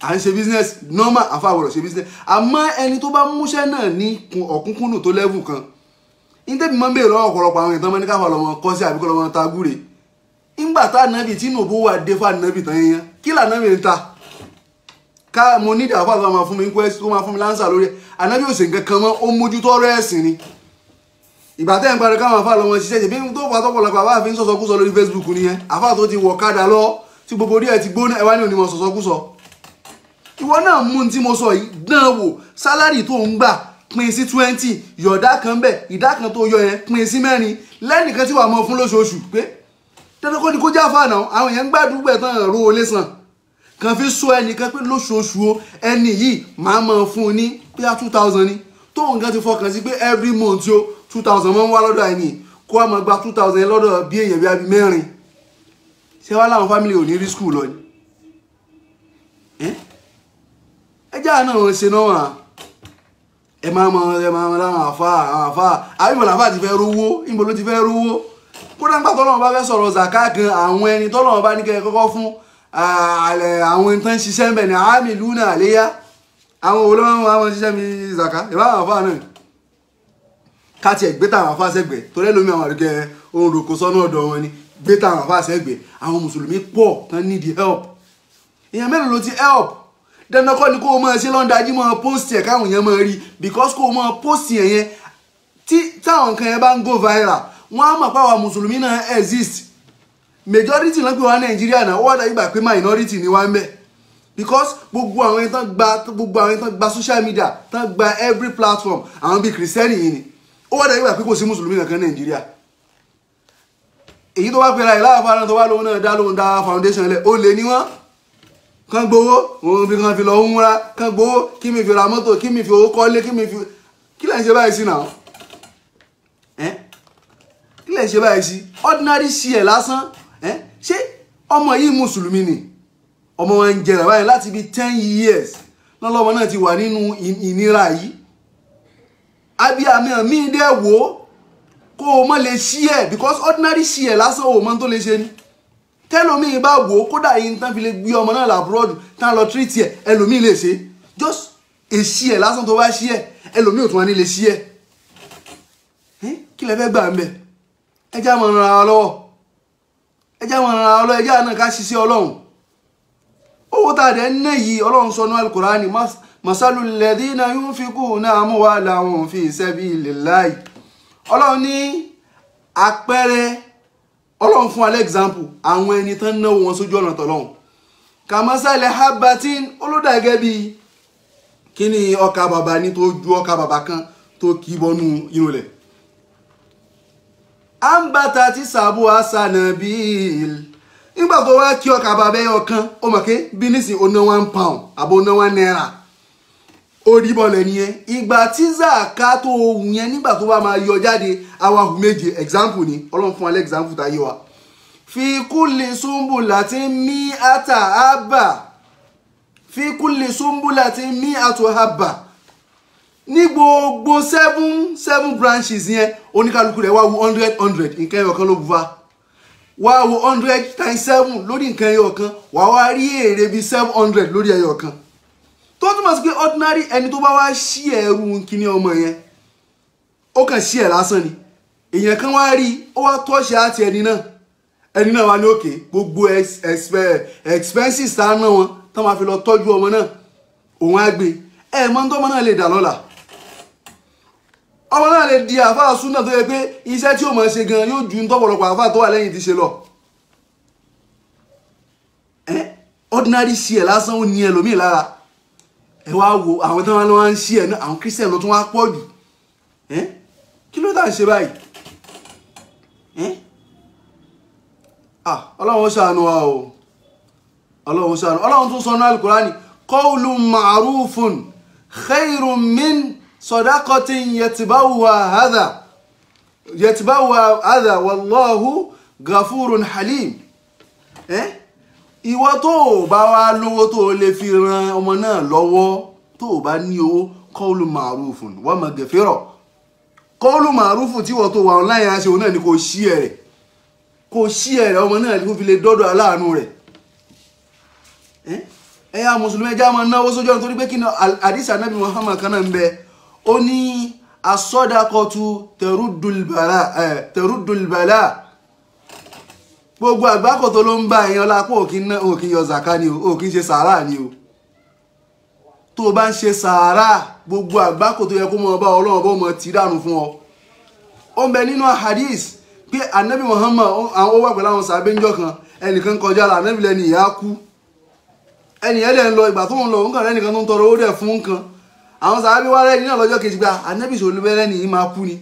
à ń ṣe business normal àfa àwọ̀rọ̀ ṣe business àmọ́ ẹni tó bá múṣẹ́ náà ní ọ̀kúnkúnnù tó lẹ́vù kan ntẹ́bi máa ń bèèrè lọ́wọ́ ọ̀pọ̀lọpọ̀ àwọn ìtàn mẹ́ni káfà lọ́mọ kọ́ sí àbíkọ́ lọ́mọ ta gúre ńgbà tá ànábì tí nùbó wà dé fún ànábì tán yẹn kí lànábì ń ta ká mo ní ìdàpọ̀ àti máa fún mi quest tó máa fún mi lánsà lórí ẹ̀ ànábì òsè nǹkan kan mọ́ ó mójútó ọ̀rọ̀ ẹ̀sìn ni ìgbà tẹ́ ń parí káwọn àfa lọ́mọ ṣiṣẹ́ jẹ́ bí tó fà tọ́pọ̀lọpọ̀ àbá àfi ń sọ̀sọ́kúsọ lórí Facebook nìyẹn àfa tó ti wọ̀ kádà lọ tí gbogbo orí ẹ̀ ti gbóná ẹ̀ wá ní onímọ̀ sọ̀sọ́kúsọ. ìwọ náà mú un tí mo sọ yìí dán wò sálárì tó ń gbà pín sí twenty yọ̀dá kan bẹ̀ ìdá kan tó yọ yẹn pín sí mẹ́rin lẹ́nìkan tí wàá mọ fún lóṣooṣù pé dandan kó ni kó jáfa náà àwọn èèyàn ń gbàdúgbẹ̀ kan fi sọ ẹnìkan pé lóṣooṣù o ẹni yìí máa máa fún un ní pé á two thousand ni tóun gan ti fọkàn sí pé every month o two thousand máa ń wá lọ́dọ̀ ẹni kó a máa gba two thousand lọ́dọ̀ bí èèyàn bí abí mẹ́rin ṣé wàá láwọn fámìlì ò ní rí skul lọ ni ẹ jẹ́ àná wọn ṣe náà hàn ẹ máa mọ ẹ máa mọ láwọn àfa àwọn àfa àbímọ làwọn àti fẹ́ rówó ìbò ló ti fẹ́ rówó kódà nígbà tọ́lọ́wọ́n bá fẹ́ sọ̀rọ̀ zaka gan àwọn ẹni tọ́lọ́wọ́n bá ní kẹ́ kọ́kọ́ fún àwọn tó ń ṣiṣẹ́ ń bẹ̀ ní àmì lúnà àléyá àwọn wo ló máa ń wọ́n àwọn ṣiṣẹ́ mi zaka ìbá àwọn afá náà ká tiẹ̀ gbé tàwọn afá sẹ́gbẹ̀ torí ẹlòmí àwọn àdúgbò ohun roko sọ́nà ọ̀dọ̀ wọn ni gbé tàwọn afá sẹ́gbẹ̀ àwọn mùsùlùmí pọ̀ tán need help èèyàn mélòó ló ti help dandan kọ́ ni kó o máa ṣe lọ́ndajú máa post ẹ̀ káwọn èèyàn máa rí because kó o máa post yẹn yẹn tí táwọn nǹkan yẹn bá ń go viral wọ́n á mọ̀ pé àwa mùsùlùmí náà exist majority ló ń pè wá nàìjíríà náà ó wà dájú gbà pé minority ni wá ń bẹ̀ because gbogbo àwọn ẹni tán gba gbogbo àwọn ẹni tán gba social media tán gba every platform àwọn bíi kìrìsìtẹ́nì yìí ni ó wà dájú gbà pé kò sí mùsùlùmí kankan nàìjíríà èyí tó bá pera ẹ̀ láàfáà náà tó wá lóhun náà dá lóhun dá foundation lẹ̀ ó lè ní wọ́n kán gbowó òun fi kan fi lọ ń wúra kán gbowó kí mi fi ra mọ́tò kí mi fi owó kọ́lé kí mi fi kí lẹ́yìn ṣe báyìí sí náà ẹ́ kí lẹ́yìn ṣe báyìí sí ordinary share lásán Eh? ṣé ọmọ yìí mùsùlùmí ni ọmọ wọn ń jẹrà báyìí láti bíi ten years lọ́lọ́mọ náà ti wà nínú ìnira yìí abiyamọ mi dẹ́ wò ó kó o mọ̀ lè ṣí ẹ̀ because ordinary ṣí ẹ̀ lásán o mọ̀ tó lè ṣe ni tẹ́lòmíì bá wò ó kódà yìí tán fi lè gbé ọmọ náà làbúrọ́dù tán lọ tírìtì ẹ̀ ẹlòmíì lè ṣe just èṣí ẹ̀ lásán tó bá ṣí ẹ̀ ẹlòmíì ò tún wá ní lè ṣí ẹ̀ eh? kí lẹ fẹ́ gbà ń bẹ̀ ẹ já mọ̀ ọ́n ra wa lọ́wọ́ ẹ jẹ́ àwọn ọ̀ràn ọlọ́ ẹ jẹ́ àná ká ṣiṣẹ́ ọlọ́run owó tá a dẹ̀ ń ná yìí ọlọ́run sọ ní alukurani masalu lẹ́dínà yunfikuna amwalahum fi sabilillahi ọlọ́run ní àpẹẹrẹ ọlọ́run fún alẹ́ example àwọn ẹni tán náwó wọn sójú ọ̀nà tọ̀lọ́run kàmásálẹ̀ habatin olódàgẹ́ bíi kí ni ọkà bàbá ní tó ju ọkà bàbá kan tó kì bọnú irun rẹ̀ ambata ti sàbù asanabil nígbà tó wá kí ọkà bàbá ẹyọ kan ó mọ̀ pé bí nísìn ó one pound àbó ná one naira ó rí bọ́ọ̀lù nìyẹn ìgbà tí zaka tó ohun yẹn nígbà tó bá máa yọ jáde àwa hù méje example ni ọlọ́run fún wa lẹ́ example tá a yé wa fi kulli sumbulatin mi'ata habba fi kulli mi ato habba ní gbogbo seven seven branches yẹn oníkálukú rẹ̀ wá wo hundred hundred nǹkan ẹyọ kan ló bu wa wá wo hundred times seven lórí nǹkan ẹyọ kan wá rí èrè bíi seven hundred lórí ẹyọ kan tó ẹni tó bá wá ṣí ẹrú kíní ọmọ yẹn kàn ṣí lásán ni èèyàn kan wá rí ó wá àti ẹni náà ẹni náà wá ní gbogbo eh, expenses tá a ná wọn máa fi lọ tọ́jú ọmọ náà ọmọ náà lè di àáfàá súnà tó yẹ pé iṣẹ́ tí ó máa ṣe gan yóò ju tọ́pọ̀lọpọ̀ àáfàá tó wà lẹ́yìn ti ṣe lọ. ordinary ṣí ẹ̀ lásán ó ní ẹlòmíì lára ẹ wá wo àwọn tí wọ́n lọ́wọ́ ń ṣí ẹ̀ náà àwọn christian ló tún wá pọ̀ jù kí ló dà ń ṣe báyìí ọlọ́run ṣàánú wa o ọlọ́run ṣàánú ọlọ́run tún sọ náà alukurani qawlun ma'rufun khayrun min صدقة يتبوى هذا يتبوى هذا والله غفور حليم eh? ìwọ tó o bá wá lówó tó o lè fi ran ọmọ náà lọ́wọ́ tó o bá ní owó kọ́ọ̀lù màrúfù wọ́n mọ̀ gẹ̀fẹ́rọ̀ kọ́ọ̀lù màrúfù tí ìwọ tó wà online aṣọ òun náà ni kò ṣí ẹ̀rẹ̀ kò ṣí ẹ̀rẹ̀ ọmọ náà kó fi lè dọ́dọ̀ aláàánú rẹ̀ eh? ẹ̀yà mùsùlùmí ẹja máa náwó sójú ọ̀nà torí pé kí ni àdìsí anábì Muhammad kan náà ń bẹ ó ní asọ́dakọ̀tù tẹ̀rúdùlbàlà gbogbo àgbákòtò ló ń bá èèyàn lápò òkín yọ zaka ni o òkín ṣe sàárà ni o tó o bá ń ṣe gbogbo àgbákòtò yẹ kó mọ ọba ọlọ́run bó mọ tí dànù fún ọ ó ń bẹ nínú hadith anabi muhammad àwọn ó wà pẹ̀lú àwọn sàbẹ́njọ́ kan ẹnìkan kọjá la anabi lẹ́ni ìyá kú ẹnìyẹn dẹ̀ ń lọ ìgbà tó ń lọ nǹkan rẹ̀ nìkan tó ń tọrọ owó dẹ̀ fún nǹkan àwọn sàábí wá rẹ́ni náà lọ́jọ́ kejì gba anábìsì olúbẹ́rẹ́ ni yìí máa kú ni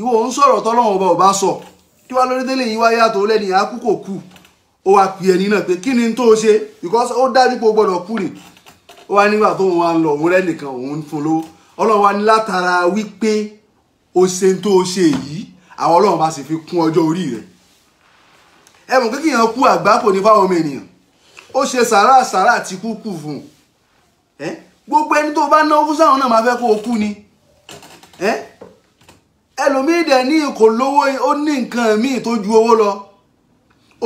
ìwọ ò ń sọ̀rọ̀ tọ́lọ́wọ́n ọba ọba sọ kí wàá lórí délé yìí wáyé àtò lẹ́ni àkú kò kú ó wàá pè ẹni náà pé kí ni tó ṣe because ó dájú pé ó gbọ́dọ̀ kú ni ó wá nígbà tó wọn wá ń lọ òun rẹ́ nìkan òun fún lówó ọlọ́run wá ní látara wípé ó ṣe tó ṣe yìí àwọn ọlọ́run bá sì fi kún ọjọ́ orí rẹ̀ ẹ mọ̀ pé kíyàn kú àgbákò ní fáwọn ọmọ ènìyàn ó ṣe sàrà sàrà àti kú kù fún un gbogbo ẹni tó bá náwó fún sáwọn náà máa fẹ́ kó o kú ni ẹlòmíì dẹ̀ ní kò lówó ó ní nǹkan míì tó ju owó lọ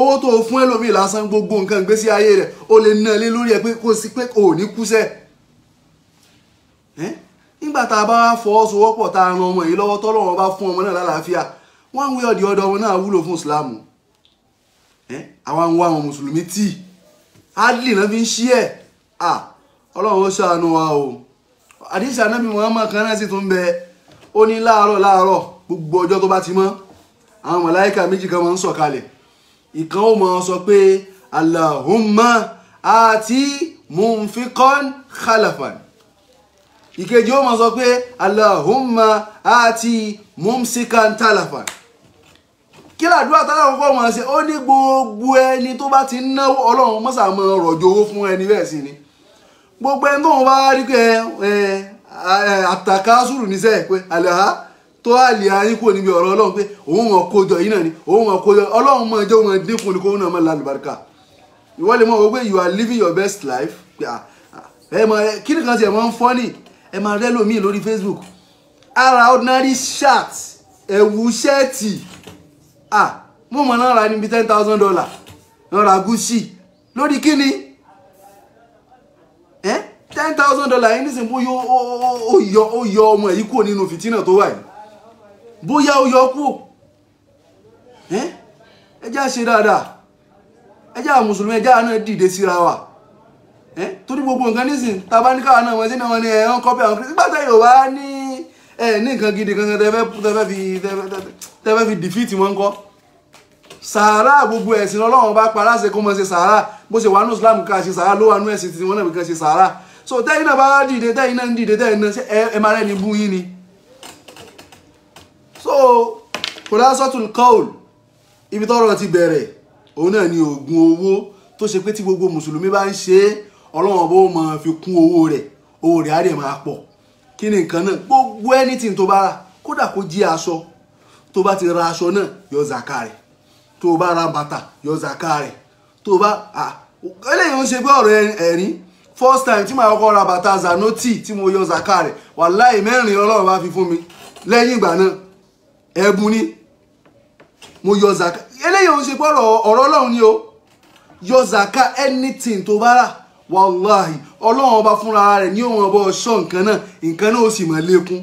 owó tó o fún ẹlòmíì lásán gbogbo nǹkan ìgbésí ayé rẹ̀ o lè ná lé lórí ẹ pé kò sí pé o ò ní kú sẹ́ẹ̀ nígbà tá a bá fọwọ́sowọ́pọ̀ tá a ran ọmọ yìí lọ́wọ́ tọ́lọ́wọ́n bá fún ọmọ náà lálàáfíà one way or the other ọmọ náà wúlò fún islam àwọn àwọn mùsùlùmí tí adley náà fi ń ṣí ẹ̀ ọlọ́run ó ṣàánú wa o àdìsí anábì muhammad kan náà sì tún bẹ ó ní láàárọ̀ láàárọ̀ gbogbo ọjọ́ tó bá ti mọ́ àwọn màláíkà méjì kan máa ń sọ̀kalẹ̀ ìkan ó máa sọ pé allahumma àti munfikon khalafan ìkejì ó máa sọ pé allahumma àti mumsikan talafan kí làdúrà táwọn àkọ́kọ́ máa ṣe ó ní gbogbo ẹni tó bá ti náwó ọlọ́run mọ́sàmọ́ rọ̀jò owó fún ẹni bẹ́ẹ̀ sì ni gbogbo ẹni tóun bá rí pé àtàkásùrù níṣẹ́ pé àlàá tó àlìyá yín kúrò níbi ọ̀rọ̀ ọlọ́run pé òun mọ̀ kójọ yìí náà ni òun mọ̀ kójọ ọlọ́run mọ̀ jẹ́ òun dínkù ni kó òun náà mọ̀ lálùbáríkà ìwọ lè mọ̀ wọ́n pé you are living your best life ẹ mọ̀ kí nìkan tiẹ̀ mọ̀ ń fọ́ ni ẹ máa rẹ́ lòmíì lórí Facebook ara ordinary shirt ẹ̀wù ṣẹ́ẹ̀tì ah mo mọ̀ náà ra níbi ten thousand dollar náà ra Gucci lórí kíni ten thousand dollar yín nísìnyí bóyá ó yọ ọmọ yìí kúrò nínú fìtínà tó wà yìí bóyá ó yọ kúrò ẹ jẹ́ àṣe dáadáa ẹ jẹ́ àwọn mùsùlùmí ẹ jẹ́ àwọn náà dìde síra wa torí gbogbo nǹkan nísìnyí tàbá ní káwọn náà wọ́n sí náà wọ́n ní ẹ̀ ń kọ́pẹ́ àwọn kìrìsì gbàtà Yorùbá ní ẹ̀ ní nǹkan gidi kankan tẹ́fẹ́ fi dìfíìtì wọn kọ́ sàárà gbogbo ẹ̀sìn ọlọ́run bá pa aláṣẹ kó mọ ṣe sàárà bó ṣe wà nù islam ká ṣe sàárà ló wà nù ẹ̀sìn tí wọn náà kàn ṣe sàárà so tẹ́yìn náà bá dìde tẹ́yìn náà ń dìde tẹ́yìn náà ẹ máa rẹ́ni bú yín ni. so kòlásọ́tún kọ́ọ̀l ibi tọ́rọ̀ ti bẹ̀rẹ̀ òun náà ni oògùn owó tó ṣe pé tí gbogbo mùsùlùmí bá ń ṣe é ọlọ́run bó máa fi kún owó rẹ̀ owó rẹ̀ á máa pọ̀ kí ni nǹkan náà gbogbo anything tó bá rà kódà kó jí aṣọ tó bá ti ra aṣọ náà yọ zaka tó o bá ra bàtà yọ zaka rẹ̀ tó o bá eléyìí ó ṣe pé ọ̀rọ̀ ẹ̀rín first time tí màá kọ́kọ́ ra bàtà Zanoti tí mo yọ zaka rẹ̀ wàláì mẹ́rin ọlọ́run bá fi fún mi lẹ́yìn ìgbà náà ẹ̀bùn ni mo yọ zaka eléyìí ó ṣe pé ọ̀rọ̀ ọlọ́run ni o yọ zaka anything tó bá rà wàláhì ọlọ́run ọba fúnra rẹ̀ ní òun ọba ọ̀ṣọ́ nǹkan náà nǹkan náà ó sì mọ̀ lékún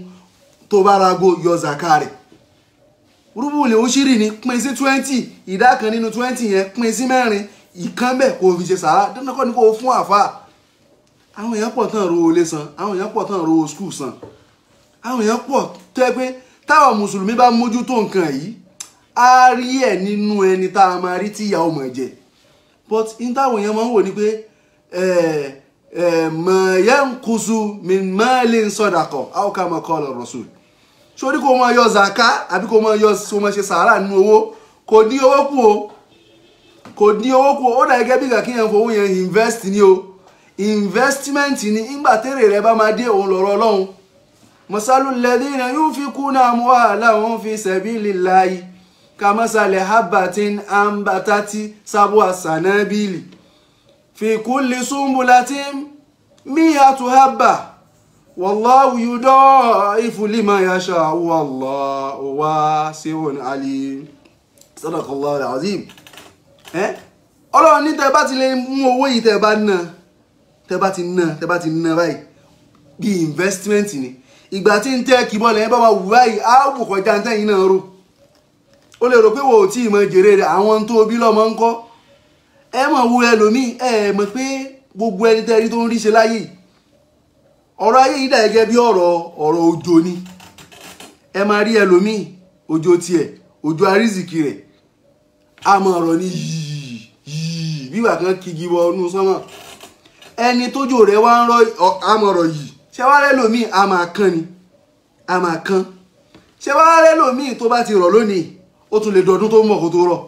tó bá ra go yọ zaka rẹ̀ rúbù lè ó ṣírì ní pín sí twenty ìdá kan nínú twenty yẹn pín sí mẹ́rin ìkan bẹ́ẹ̀ kò fi ṣe sàrà dandan kọ́ ni kò fún àfà àwọn èèyàn pọ̀ tán ro olè san àwọn èèyàn pọ̀ tán ro skul san àwọn èèyàn pọ̀ tó yẹ pé táwọn mùsùlùmí bá mójútó nǹkan yìí á rí ẹ̀ nínú ẹni tá a máa rí tí ìyá ọmọ jẹ but n táwọn èèyàn máa ń wò ni pé mọ̀ọ́yẹ́ ń kusu mi máa lè ń sọ̀dàkọ̀ àwọn ká máa kọ́ ọ lọ rọ̀ṣùlù sórí kò mọ yọ zaka àbí kò mọ yọ kò mọ ṣe sàárà nínú owó kò dín owó kù o kò dín owó kù o ó dà gẹ́gẹ́ bí kàkí yẹn fowó yẹn invest ni o investment ni ìgbà tèrè rẹ bá máa dé òun lọ́rọ̀ ọlọ́run mọ̀sálù lẹ́dínà yóò fi kú náà mú wàhálà òun fi sabilillahi kàmọ́sálẹ̀ habatin ambatati sábò àsànábìlì fi kulli sumbulatin míyàtú والله يضاعف لما يشاء والله واسع عليم صدق الله العظيم eh ọlọ́run ní tẹ́ bá ti lè mú owó yìí tẹ́ bá ná tẹ́ bá ti ná tẹ́ bá ti ná báyìí bí investment ni ìgbà tí ń tẹ́ kìbọn lẹ́yìn bá wà wù báyìí á wù kọjá ń tẹ́yìn náà rò ó lè rò pé wò ó tí ì mọ jèrè rẹ̀ àwọn tó bí lọ́mọ ń kọ́ ẹ mọ̀ wo ẹlòmíì ẹ mọ̀ pé gbogbo ẹni tẹ́ tó ń rí ṣe láyé yìí ọ̀rọ̀ ayé yìí dà gẹ́gẹ́ bí ọ̀rọ̀ ọ̀rọ̀ òjò ni ẹ máa rí ẹlòmíì òjò tiẹ̀ òjò arísìkì rẹ̀ àmọ́ ọ̀rọ̀ ni yìí yìí bíbà kan kigi wọ inú sánmọ̀ ẹni tójò rẹ̀ wá ń rọ àmọ́ ọ̀rọ̀ yìí ṣé wàá rẹ́ lòmíì a máa kán ni a máa kán ṣé wàá rẹ́ lòmíì tó bá ti rọ̀ lónìí ó tún lè dọdún tó mọ̀ kó tó rọ̀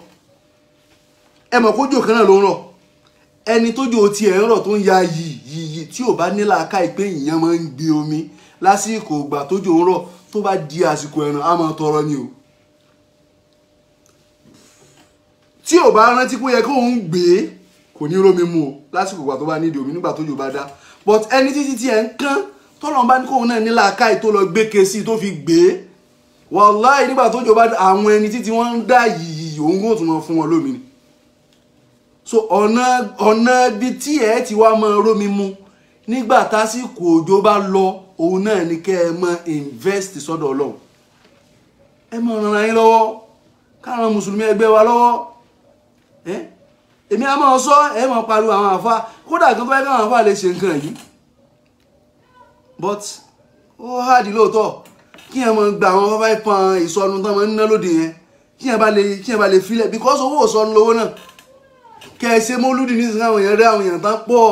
ẹ mọ̀ kójò kan náà ló ń rọ̀ ẹni tójú otí ẹ̀ ń rọ̀ tó ń ya yìí yìí tí ò bá nílàáká ìpé ìyẹn máa ń gbé omi lásìkò ìgbà tójú ń rọ̀ tó bá di àsìkò ẹ̀rùn á máa tọrọ ni o. tí ò bá rántí pé ó yẹ kó ń gbé kò ní rómi mu o lásìkò ìgbà tó bá nídìí omi nígbà tójú bá dá but ẹni títí ti ẹ̀ ń kán tọ́lọ̀ bá ní kóun náà nílàáká ìtó lọ gbé ke sí i tó fi gbé wàláì nígbà tójú bá àwọn ẹni títí wọ́n ń dá yìí yìí òun kò so ọ̀nà ọ̀nà ibi tí ẹ ti wá mọ rómi mu nígbà tásìkò òjò bá lọ òun náà ni kẹ́ ẹ mọ invest sọ́dọ̀ ọlọ́run ẹ mọ ràn yín lọ́wọ́ káwọn mùsùlùmí ẹgbẹ́ wa lọ́wọ́ ẹ èmi á máa sọ ẹ máa pariwo àwọn àfa kódà kí n tó bá yẹ àfa lè ṣe nǹkan yìí but ó hàdí lóòótọ́ kí ẹ máa gba àwọn five pound ìsọnù tán máa ń ná lóde yẹn kí ẹ bá lè kí ẹ bá lè filẹ̀ because owó ìsọnù lówó náà kẹ ẹ ṣe mọ́lúdì nísìnyí àwọn èèyàn rẹ àwọn èèyàn tán pọ̀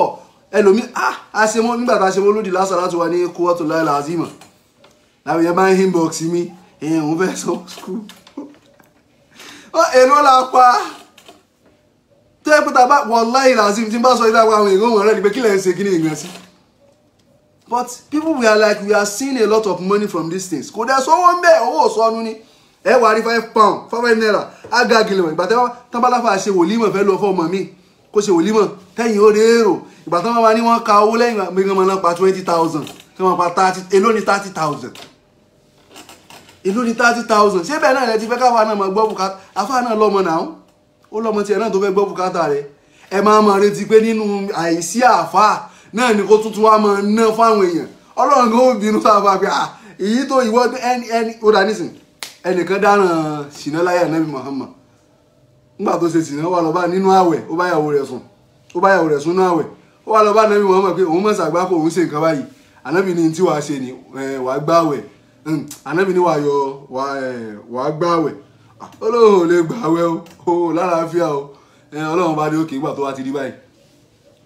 ẹlòmíì ah, a ṣe mọ́ nígbà tá a ṣe mọ́lúdì lásán láti wà ní kúwọ́tò láìla azima làwọn èèyàn bá ń inbox mi èèyàn òun fẹ́ sọ skul èèyàn la pa tó yẹ pé tá a bá wallahi tí n bá sọ ìdá àwọn èèyàn òun rẹ ni pé kí lẹ́yìn ṣe kí ni èèyàn sí but people we are like we are seeing a lot of money from these things kò dẹ̀ sọ́wọ́ ń bẹ̀ owó sọnù ni ẹ wà á rí five pound five naira ága gìlìmọ̀ ìgbà tán bá láfa ṣe wòlímọ̀ fẹ́ lọ fọ́ ọmọ mi kó ṣe wòlímọ̀ tẹ́yìn ó rèérò ìgbà tán bá ní wọ́n ka owó lẹ́yìn gbẹ̀ngàn náà pa twenty thousand tí wọ́n pa thirty èló ni thirty thousand èló ni thirty thousand ṣé bẹ́ẹ̀ náà rẹ ti fẹ́ káfa náà máa gbọ́ bùkátà àfa náà lọ́mọ náà ó lọ́mọ tiẹ̀ náà tó fẹ́ gbọ́ bùkátà rẹ̀ ẹ máa mọ̀ retí pé nínú àìsí àfa náà ni kó tuntun wa máa ná fáwọn èèyàn ọlọ́run kò bínú sáfà pé ah èyí tó ìwọ́dún ẹni ẹni ó dá nísìnyí ẹnìkan dáràn ṣìnà láyé ànábì Muhammad nígbà tó ṣe ṣìnà wà lọ́ba nínú àwẹ̀ ó bá yàwó rẹ̀ sùn ó bá yàwó rẹ̀ sùn náà àwẹ̀ ó wà lọ́ba ànábì Muhammad pé òun mọ̀sà àgbákò òun ṣe nǹkan báyìí ànábì ni tí wàá ṣe ni wàá gbá àwẹ̀ hmm, ànábì ni wàá yọ wàá gbá àwẹ̀ olóhùn ah, ò lè gbà àwẹ̀ o lálàáfíà o ọlọ́run bá dé òkè nígbà tó wá ti rí báyìí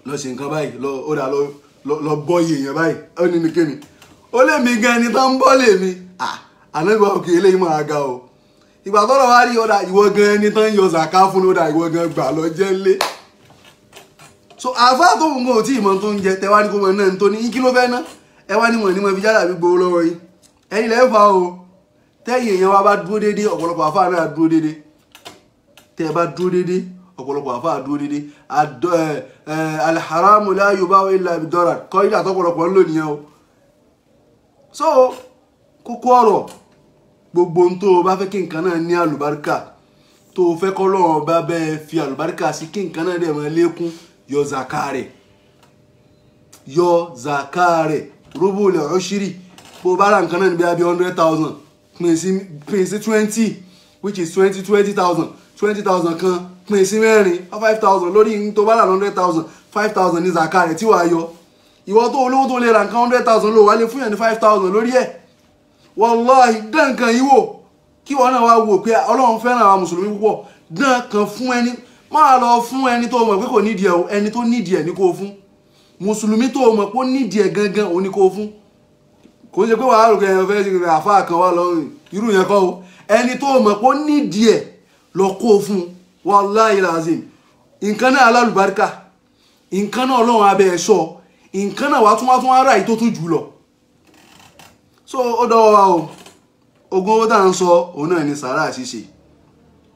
lọ ṣe nǹkan báyìí lọ ó dà lọ bọ́ iye èèyàn báyìí ó ní nìkéni ó mi ah ànábì wa òkè eléyìí máa ga o ìgbà tọ́lọ̀ wá rí ọ̀dà ìwọ gan ẹni tán yọ zàká fún ọ̀dà ìwọ gan gbà lọ jẹ́ ńlé so àfa tó ń gbọ́ tí ìmọ̀ tó ń jẹ tẹ́wá ní kó mọ̀ náà ń tó ní kí ló fẹ́ ná ẹ wá ní mọ̀ ní mọ̀ fi jáde àbí gbowó lọ́wọ́ yìí ẹ̀yin lẹ́ fa o tẹ́yìn èèyàn wa bá dúró déédéé ọ̀pọ̀lọpọ̀ àfa náà dúró déédéé tẹ́ ẹ bá dúró déédéé ọ̀pọ̀lọpọ̀ àfa dúró déédéé alharamu la yubahu illa bidọ́ra kọ́ ilé àtọ́pọ̀lọpọ̀ ńlò nìyẹn o so kókó gbogbo ohun tó o bá fẹ́ kí nǹkan náà ní àlùbáríkà tó o fẹ́ kọ́lọ́run bá bẹ́ẹ̀ fi àlùbáríkà sí kí nǹkan náà dẹ̀ máa lékún yọ zaka rẹ̀ yọ zaka rẹ̀ róbò lè ọ́ṣírì bó o bá ra nǹkan náà ní bí hundred thousand pín sí pín sí twenty which is twenty twenty thousand twenty thousand kan pín sí mẹ́rin five thousand lórí tó bá ra hundred thousand five thousand ní zaka rẹ̀ tí wàá yọ ìwọ tó olówó tó lè ra nǹkan hundred thousand lò wá lè fún yàn ní five thousand lórí ẹ̀ wàláhì dán kan yìí wò kí wọn náà wá wò pé ọlọ́run fẹ́ràn àwọn mùsùlùmí púpọ̀ dán kan fún ẹni máa lọ fún ẹni tó mọ̀ pé kò nídìí ẹ̀ ẹni tó nídìí ẹ̀ ní kó fún mùsùlùmí tó mọ̀ pé ó nídìí ẹ̀ gangan òun ní kó fún kò ṣe pé wàá rò pé ẹ̀rọ fẹ́ẹ́ ṣe àfa kan wá lọ irú yẹn kọ́ o ẹni tó mọ̀ pé ó nídìí ẹ̀ lọ kó fún wàláhì làzìm nǹkan náà alálùbáríkà nǹkan náà ọlọ́run abẹ́ ẹ̀ sọ nǹkan náà wàá so ó wa o ogun owó tá à ń sọ òun náà ni sàárà ṣíṣe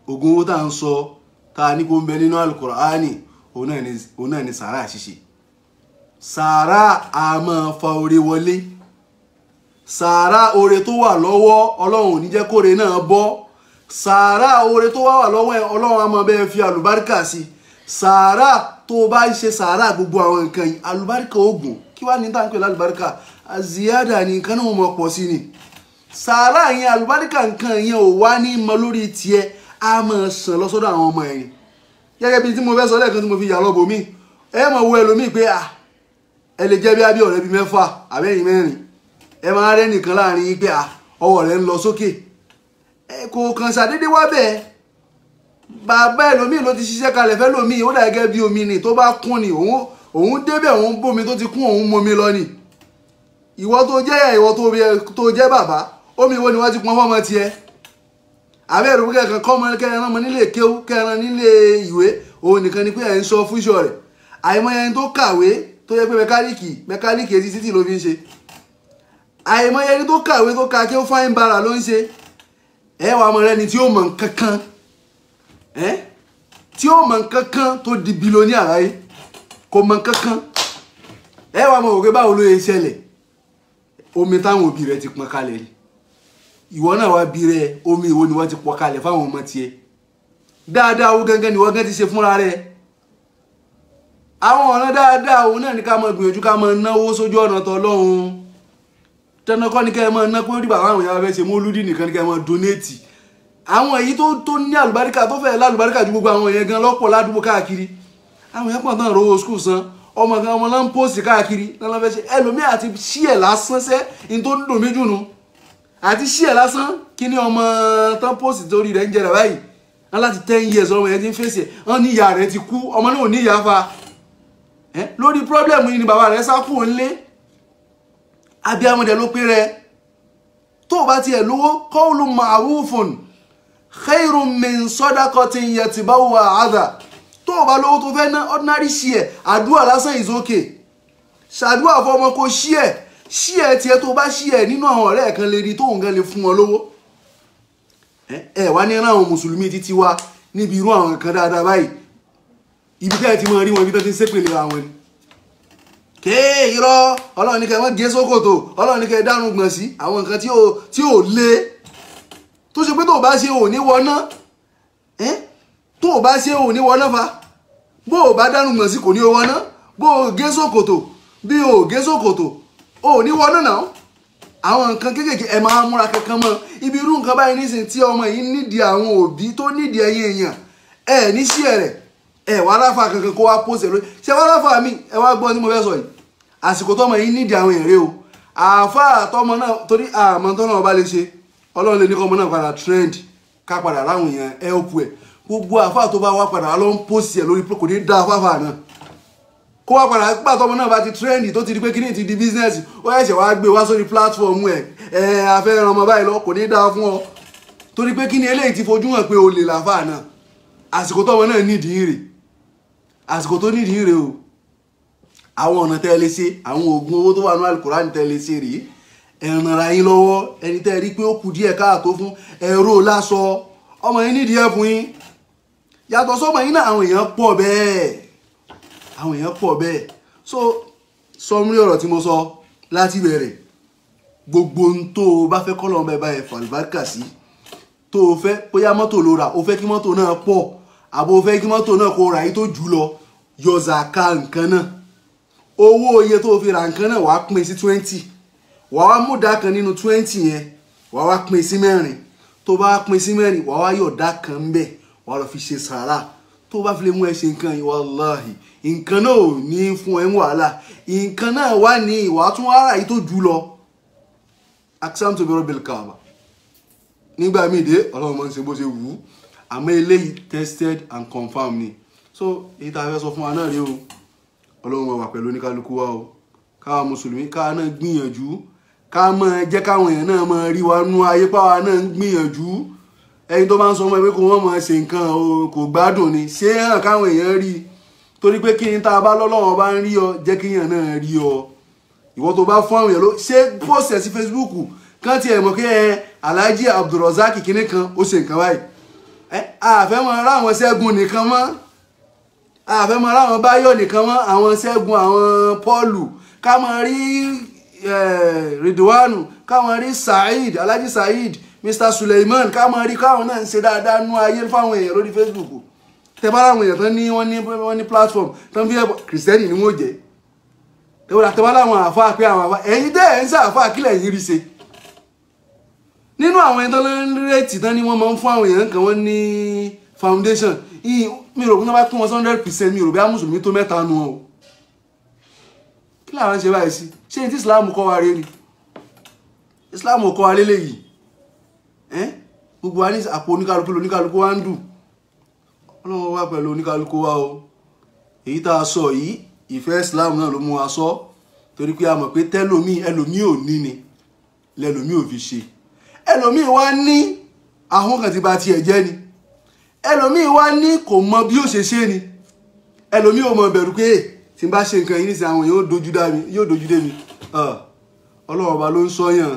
ogun owó tá à ń sọ ta ní kó ń bẹ nínú alukur'ani òun náà ni sàárà ṣíṣe sàárà a máa fa oore wọlé sàárà oore tó wà lọ́wọ́ ọlọ́run ò ní jẹ́ kóore náà bọ́ sàárà oore tó wà lọ́wọ́ ẹ ọlọ́run á máa bẹ́ẹ̀ fi àlùbáríkà sí sàárà tó o bá ṣe sàárà gbogbo àwọn nǹkan yìí àlùbáríkà oògùn kí wàá ní tá à ń pè lálùbáríkà àzíyádà ni nǹkan náà mọ̀ pọ̀ sí ni sàárà yẹn àlùbáríkà nǹkan yẹn ò wá ní mọ lórí tiẹ̀ á máa sàn lọ́sọ́dọ̀ àwọn ọmọ ẹ̀yìn gẹ́gẹ́ bí tí mo fẹ́ sọ lẹ́ẹ̀kan tí mo fi yà lọ́bọ̀ mi ẹ mọ̀ wo ẹlòmíì pé à ah, ẹ lè jẹ́ bí abí ọ̀rẹ́ bí mẹ́fà àbẹ́yìn mẹ́rin ẹ máa rẹ́ nìkan láàrin yín pé à ah, ọwọ́ rẹ̀ ń lọ sókè ẹ kò kàn ṣàdédé wá bẹ́ẹ̀ bàbá ẹlòmíì ló ti ṣiṣẹ́ kalẹ̀ fẹ́ ó dà gẹ́gẹ́ bí omi ni tó bá kún ni òun débẹ̀ òun bómi tó ti kún òun momi lọ ni ìwọ tó jẹ́ ẹ̀ ìwọ tó jẹ́ bàbá omi ìwọ ni wọ́n ti pọn fọ́mọ tiẹ̀ àbẹ́rù kẹ̀kẹ́ kọ́mọ kẹran mọ nílé kéwú kẹran nílé ìwé òun nìkan ni pé ẹ̀ ń sọ fún ìṣọ̀ rẹ̀ àìmọye ẹni tó kàwé tó yẹ pé mẹkáníìkì mẹkáníìkì etí títì ló fi ń ṣe àìmọye ẹni tó kàwé tó ka kí fáyín bara ló ń ṣe ẹ wàá rẹ ni tí ó mọ nǹkan kan ẹ tí ó mọ nǹkan tó di bilóní àráyé kò mọ nǹkan kan ẹ wàá mọ òwe báwo ló yẹ ṣẹlẹ̀ omi táwọn òbí rẹ ti pọn kalẹ̀ ni ìwọ náà wá bí rẹ omi ìwo ni wọ́n ti pọn kalẹ̀ fáwọn ọmọ tiẹ̀ dáadáa owó gángan ni wọ́n gán ti ṣe fúnra rẹ̀ àwọn ọ̀nà dáadáa òun náà ní ká máa gbìyànjú ká máa náwó sójú ọ̀nà tọ́lọ́hún tẹ́nà kọ́ ni ká máa ná pé ó dìbò àwọn àwọn èèyàn fẹ́ ṣe mọ́lúdì nìkan ni ká máa donate àwọn èyí tó tó ní àlùbáríkà tó fẹ́ lálùbáríkà ju gbogbo àwọn èèyàn gan lọ́pọ̀ ládùúgbò káàkiri àwọn èèyàn pọ̀ tán rówó skul san ọmọ kan ọmọ náà ń pòsì káàkiri lọ́nà fẹ́ ṣe ẹlòmíì àti ṣí ẹ̀ lásán sẹ́ ní tó ń dùn mí jù nù àti ṣí ẹ̀ lásán kí ni ọmọ tán pòsì torí rẹ̀ ń jẹ báyìí wọn láti ten years ọmọ yẹn ti ń fèsì ẹ̀ wọn ní ìyá rẹ̀ ti kú ọmọ náà ò ní ìyá fa lórí problem yìí ni bàbá rẹ̀ sá kúrò ńlé abiyamọ dẹ̀ ló pé rẹ̀ tó o bá tiẹ̀ lówó kọ́ọ̀lù màrúfùn khairun min sọ́dákọ́tì yẹtìbáwò àádà tó o bá lówó tó fẹ́ ná ordinary share àdúrà lásán is okay ṣàdúrà fọmọ kó share share tiẹ̀ tó bá share nínú àwọn ọ̀rẹ́ kan lè rí tóun kan lè fún wọn lówó ẹ wá ní àwọn mùsùlùmí títí wa níbi irú àwọn kan dáadáa báyìí ibi tẹ́ ẹ ti máa rí wọn ibi tẹ́ ti ń ṣépèlè àwọn ni kéè irọ́ ọlọ́run ní kẹ́ wọ́n gé sókòtò ọlọ́run ní kẹ́ dánú gbọ̀n sí àwọn nǹkan tí ò lé tó ṣe pé tó bá ṣe ò ní wọná tó o bá ṣe òní wọná fa bó o bá dánú gbọ̀nsí kò ní o wọná bó o gé sókòtò bí o gé sókòtò o ò ní wọná náà àwọn nǹkan kéékèèké ẹ máa múra kankan mọ ibi irú nǹkan báyìí nísìnyí tí ọmọ yìí nídìí àwọn òbí tó nídìí ẹyin èèyàn ẹ ní sí ẹrẹ ẹ wá ráfà kankan kó wá pósẹ lórí ṣé wá ráfà mi ẹ wá gbọ́ tí mo fẹ́ sọ yìí àsìkò tọmọ yìí nídìí àwọn èrè o àáfàá tọmọ náà torí àmọ́ tọ́nà ọba lè ṣe ọlọ́run lè ní kọ́mọ náà padà trend ká padà ráhùn yẹn ẹ ó pu ẹ̀ gbogbo àfáà tó bá wá padà wá ló ń pósì ẹ̀ lórí kò ní da afáfà náà kó wá padà gbà tọmọ náà bá ti tírẹ́ǹdì tó ti di pé kí ni ti di bísínẹ́sì ó ẹ̀ṣẹ̀ wá gbé wá sórí pílátífọ̀mù ẹ̀ ẹ̀ afẹ́ràn ọmọ báyìí lọ kò ní da fún ọ torí pé kí ni eléyìí ti fojú hàn pé o lè làáfà náà àsìkò tọmọ náà nídìí rè àsìkò tó nídìí rè o àwọn ọ̀nà tẹ́ ẹ lè ṣe àwọn oògùn owó tó wà ní alukurani tẹ́ ẹ lè ṣe rèé ẹ̀rànra yín lọ́wọ́ ẹni tẹ́ ẹ rí pé ó kù díẹ̀ káàtó fún ẹ̀rọ lásọ ọmọ yín nídìí ẹ̀ fún yín yàtọ̀ sọ́mọ yín náà àwọn èèyàn pọ̀ bẹ́ẹ̀ àwọn èèyàn pọ̀ bẹ́ẹ̀ so sọmúrí ọ̀rọ̀ tí mo sọ láti bẹ̀rẹ̀ gbogbo ń tó o bá fẹ́ kọ́lọ́ bẹ́ẹ̀ báyẹn fàlùbáríkà sí tó o fẹ́ bóyá mọ́tò ló rà o fẹ́ kí mọ́tò náà pọ̀ àbò o fẹ́ kí mọ́tò náà kó ra yìí tó jù lọ yọ zàká nǹkan náà owó iye tó o fi ra nǹkan náà wàá pín sí twenty wàá wá mú dákan nínú twenty yẹn wàá wá pín sí mẹ́rin tó bá pín sí mẹ́rin wàá wá yọ̀ dákan bẹ́ẹ̀ wàá lọ fi ṣe sàárà tó bá fi lè mú ẹ ṣe nǹkan yìí wàláhì nǹkan náà ò ní fún ẹ ń wàhálà nǹkan náà wà ní ìwà tún ara yìí tó jù lọ akisam tó bẹ̀rẹ̀ bẹ̀rẹ̀ nígbà míì dé ọlọ́run máa ń ṣe bó ṣe wù ú àmọ́ eléyìí tested and confirmed ni so èyí tá a fẹ́ sọ fún wa náà rí o ọlọ́run wa wà pẹ̀lú oníkálukú wa o káwa mùsùlùmí káwa náà gbìyànjú ká máa jẹ́ káwọn èèyàn náà máa rí wa nú ayé náà gbìyànjú ẹni tó bá ń sọ ọmọ ẹgbẹ́ kó wọ́n mọ̀ ṣe nǹkan kò gbádùn ni ṣé hàn káwọn èèyàn rí i torí pé kí n tá a bá lọ́lọ́wọ́n bá ń rí ọ jẹ́ kí èèyàn náà rí ọ ìwọ tó bá fún àwọn èèyàn ṣé post ẹ̀ sí Facebook kán tiẹ̀ mọ̀ kí ẹ Alhaji Abdulrozak kìíní kan ó ṣe nǹkan báyìí ẹ àfẹ́ mọ ará àwọn Ṣẹ́gun nìkan mọ́ àfẹ́ mọ ará àwọn Báyọ̀ nìkan mọ́ àwọn Ṣẹ́gun àwọn Pọ́ọ̀lù ká mọ rí Ridwanu ká mọ rí Saheed Alhaji Saheed Mr Suleiman ká máa rí káwọn náà ń ṣe dáadáa nú ayé fáwọn èèyàn lórí Facebook tẹ bá láwọn èèyàn tán ní wọ́n ní wọ́n ní platform tán fi ẹ̀bọ̀ kìrìsìtẹ́nì ni wọ́n jẹ́ ẹ̀wọ̀n àtẹ bá láwọn àáfàá pé àwọn àáfàá ẹ̀yin dẹ́ ẹ̀ ń sá àáfàá kílẹ̀ yín rí ṣe nínú àwọn ẹni tán ló ń rètí tán ni wọ́n máa ń fún àwọn èèyàn kan wọ́n ní foundation yìí mi rò pé wọ́n bá tún wọn sí hundred percent mi rò bí amúsùlùmí tó mẹ́ta nu wọn o kí làwọn ṣe báyìí sí ṣé ní tí Islam kọ́ wa rẹ ni Islam kọ́ wa lélẹ́yìí gbogbo wa ní àpò oníkálukú oníkálukú wa ń dù ọlọ́run wá pẹ̀lú oníkálukú wa o èyí tá a sọ yìí ìfẹ́ islam náà ló mú wa sọ torí pé a mọ̀ pé tẹ́lòmíì ẹlòmíì ò ní ni lẹ́lòmíì ò fi ṣe ẹlòmíì wá ní ahọ́n kan ti ba tiẹ̀ jẹ́ ni ẹlòmíì wá ní kò mọ bí ó ṣe ṣe ni ẹlòmíì ò mọ bẹ̀rù pé tí n bá ṣe nǹkan yìí nísìnyí àwọn yóò dojú dé mi ọlọ́run ọba ló ń sọ yàn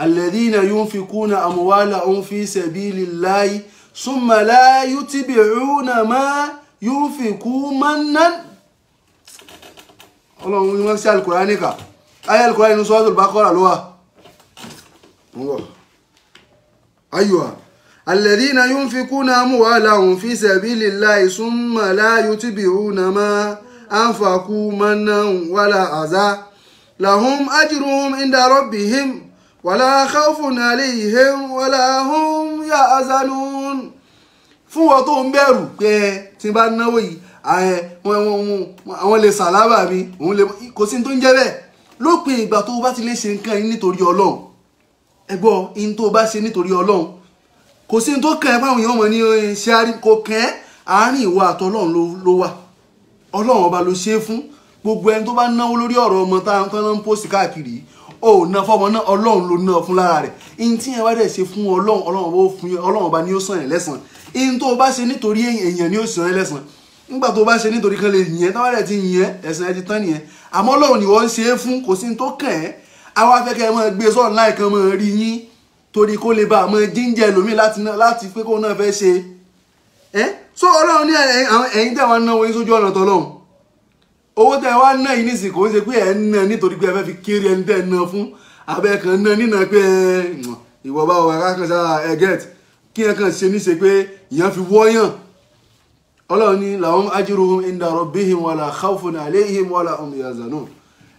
alladhina yunfikuna amwalahum fi sabilillahi summa la yutbi'una ma yunfiku mannan. ọlọ́run ni wọ́n ṣe alukurani kà ayé alukurani ní suratul baqara ló wà. ayọ̀ a. الذين ينفقون أموالهم في سبيل الله ثم لا يتبعون ما أنفقوا منا ولا أذى لهم أجرهم عند ربهم wàlá khawfun alayhim wàlá hum yahzanun fún wọn tó ń bẹ̀rù pé tí n bá náwó yìí àwọn lè sàlábà mi òun lè kò sí tó ń jẹ́ bẹ́ẹ̀ lópin ìgbà tó bá ti lè ṣe nǹkan yìí nítorí ọlọ́run ẹgbọ́ ihun tó bá ṣe nítorí ọlọ́run kò sí tó kàn ẹ́ fáwọn èèyàn mọ̀ ní eh, ṣe kò kàn ẹ́ àárín ìwà àtọ́lọ́run ló wà ọlọ́run ọba ló ṣe é fún gbogbo ẹni tó bá náwó lórí ọ̀rọ̀ ọmọ táwọn tán náà ń pòsì káàkiri o ò ná fọmọ náà ọlọ́run ló ná fún lára rẹ̀ ihun tí yẹn wá dẹ̀ ṣe fún ọlọ́run ọlọ́run bó fún yẹn ọlọ́run ọba ni ó sàn yẹn lẹ́sàn ihun tó o bá ṣe nítorí èèyàn ni ó sàn yẹn lẹ́sàn nígbà tó o bá ṣe nítorí kan lè yẹn táwọn ẹ̀rẹ̀ ti yẹn ẹ̀sìn ẹ̀ ti tán nìyẹn àmọ́ ọlọ́run ni wọ́n ń ṣe é fún kò sí ní tó kàn ẹ́ àwa afẹ́kẹ́ ẹ máa gbé e sọ́ọ̀n láì kan máa rí yín torí kó lè ba àmọ́ jíjẹ lómi láti pé kó náà fẹ́ ṣe so ọlọ́run ní ẹ̀yin tẹ̀wọ́n náà wọ́n yín sójú owó tẹ wá yi yìí nísìnyí kò ń ṣe pé ẹ ń nítorí pé ẹ fẹ́ fi kéré ẹni tẹ́ fún abẹ́ kan ná nínà pé ìwọ bá wà kákan sára ẹ gẹ́t kí ẹ kàn ṣe níṣe pé ìyẹn fi ọlọ́run ni làwọn inda rabbihim wala wala hum yahzanun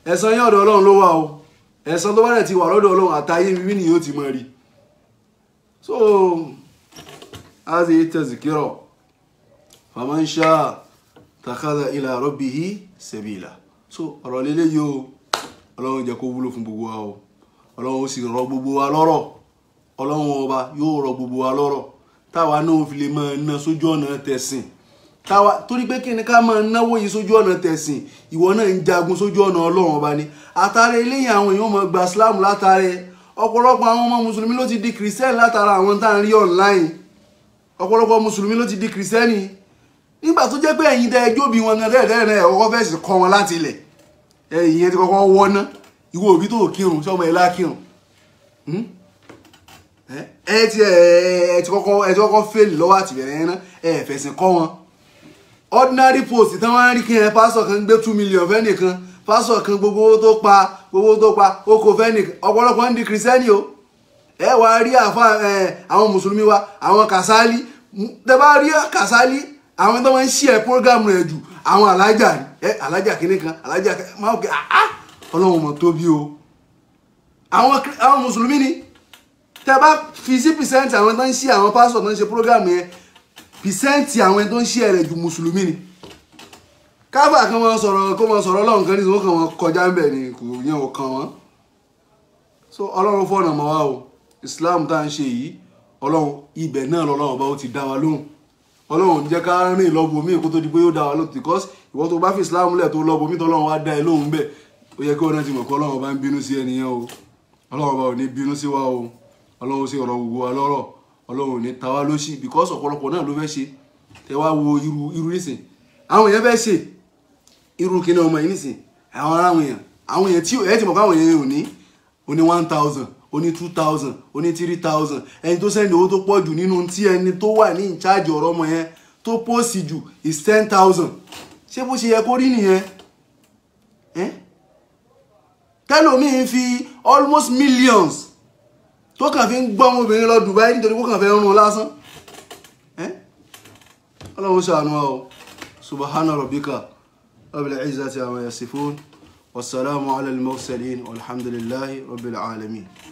ẹ̀san yín ọ̀dọ̀ ọlọ́run ló wà o ẹ̀san tó bá rẹ̀ ti wà lọ́dọ̀ ọlọ́run n'i ti rí so azi sẹ́bìlà so ọ̀rọ̀ lele yìí o ọlọ́run jẹ́ kó wúlò fún gbogbo wa o ọlọ́run ó sì rọ gbogbo wa lọ́rọ̀ ọlọ́run ọba yóò rọ gbogbo wa lọ́rọ̀ táwa náà fi lè máa ná sójú ọ̀nà tẹ̀sìn táwa torí pé kí ni ká máa náwó yìí sójú ọ̀nà tẹ̀sìn ìwọ náà ń jagun sójú ọ̀nà ọlọ́run ọba ni àtàrà eléyìí àwọn èèyàn máa gba Islam látàrẹ ọ̀pọ̀lọpọ̀ àwọn ọmọ mùsùlùmí ló ti di kìrìsẹ́nì látara àwọn tá à ń rí online ọ̀pọ̀lọpọ̀ mùsùlùmí ló ti di kìrìsẹ́nì nígbà tó jẹ́ pé ẹ̀yin tẹ́ ẹjọ́ bí wọn gan tẹ́lẹ̀tẹ́lẹ̀ ọkọ fẹ́sì kọ́ wọn láti ilẹ̀ ẹ̀yìn ti kọ́kọ́ wọ́ná ìwọ òbí tó kírun tí ọmọ ìlà kírun hmm? ẹ ti ẹ ti kọ́kọ́ ẹ ti kọ́kọ́ fèlì lọ́wọ́ àtìbẹ̀rẹ̀ yẹn náà ẹ fẹ̀sìn kọ́ wọn ordinary post tí wọ́n rí kí ẹ pásọ̀ kan gbé two million fẹ́nìkan pásọ̀ kan gbogbo owó tó pa gbogbo owó tó pa ó kó fẹ́nìkan ọ̀pọ̀lọpọ̀ ń di kìrìsẹ́nì o ẹ wàá rí àwọn mùsùlùmí wa àwọn kàsálí tẹ bá rí kàsálí àwọn tó máa ń ṣí ẹ program rẹ jù àwọn alájà ẹ alájà kìíní kan alájà máa kẹ ah, ah ọlọ́run mọ̀ tóbi o àwọn àwọn mùsùlùmí ni tẹ bá fifty percent àwọn tó ń ṣí àwọn pásítọ̀ tó ń ṣe program yẹn percent àwọn tó ń ṣí ẹ rẹ jù mùsùlùmí ni káfà kan máa sọ̀rọ̀ kó máa sọ̀rọ̀ ọlọ́run kan nítorí kan wọn kọjá ń bẹ̀ ni kò yẹn ò kan wọn so ọlọ́run fọ̀nà mọ́ wa o islam tá à ń ṣe yìí ọlọ́run ibẹ̀ náà lọ́lọ́run ọba ó ti dá wa lóhùn ọlọ́run jẹ́ ká rìn lọ́gbọ̀ mí kó tó di pé yóò dá wa lóòótọ́ because ìwọ tó bá fi islam lẹ̀ tó lọ́gbọ̀ mí tọ́lọ́run wá dá ẹ lóhùn bẹ́ẹ̀ ó yẹ kí ọ̀nà ti mọ̀ kọ́ ọlọ́run bá ń bínú sí ẹnìyẹn o ọlọ́run bá ò ní bínú sí wa o ọlọ́run sì ọ̀rọ̀ gbogbo wa lọ́rọ̀ ọlọ́run ò ní ta wá lóṣì because ọ̀pọ̀lọpọ̀ náà ló fẹ́ ṣe tẹ wá wo irú irú nísìn àwọn èèyàn fẹ́ ṣe irú kíní ọmọ yìí nísìn àwọn aráwọn èèyàn àwọn èèyàn tí ẹ ti mọ̀ káwọn èèyàn ò ní ò ní one thousand ó two thousand ó three thousand ẹni tó sẹ́ni owó tó pọ̀ jù nínú tí ẹni tó wà ní ìcháàjì ọ̀rọ̀ ọmọ yẹn tó pòsì jù is ten thousand ṣé bó ṣe yẹ kó rí nìyẹn tẹ́lòmíín fi almost millions tó kàn fi ń gbọ́ ọmọbìnrin lọ Dubai nítorí kó kàn fẹ́ rún un lásán ọlọ́run ṣàánú ọ subahana rabbika rabbil izzati amma yasifun wasalaamu ala al-mursalin walhamdulillahi rabbil alamin.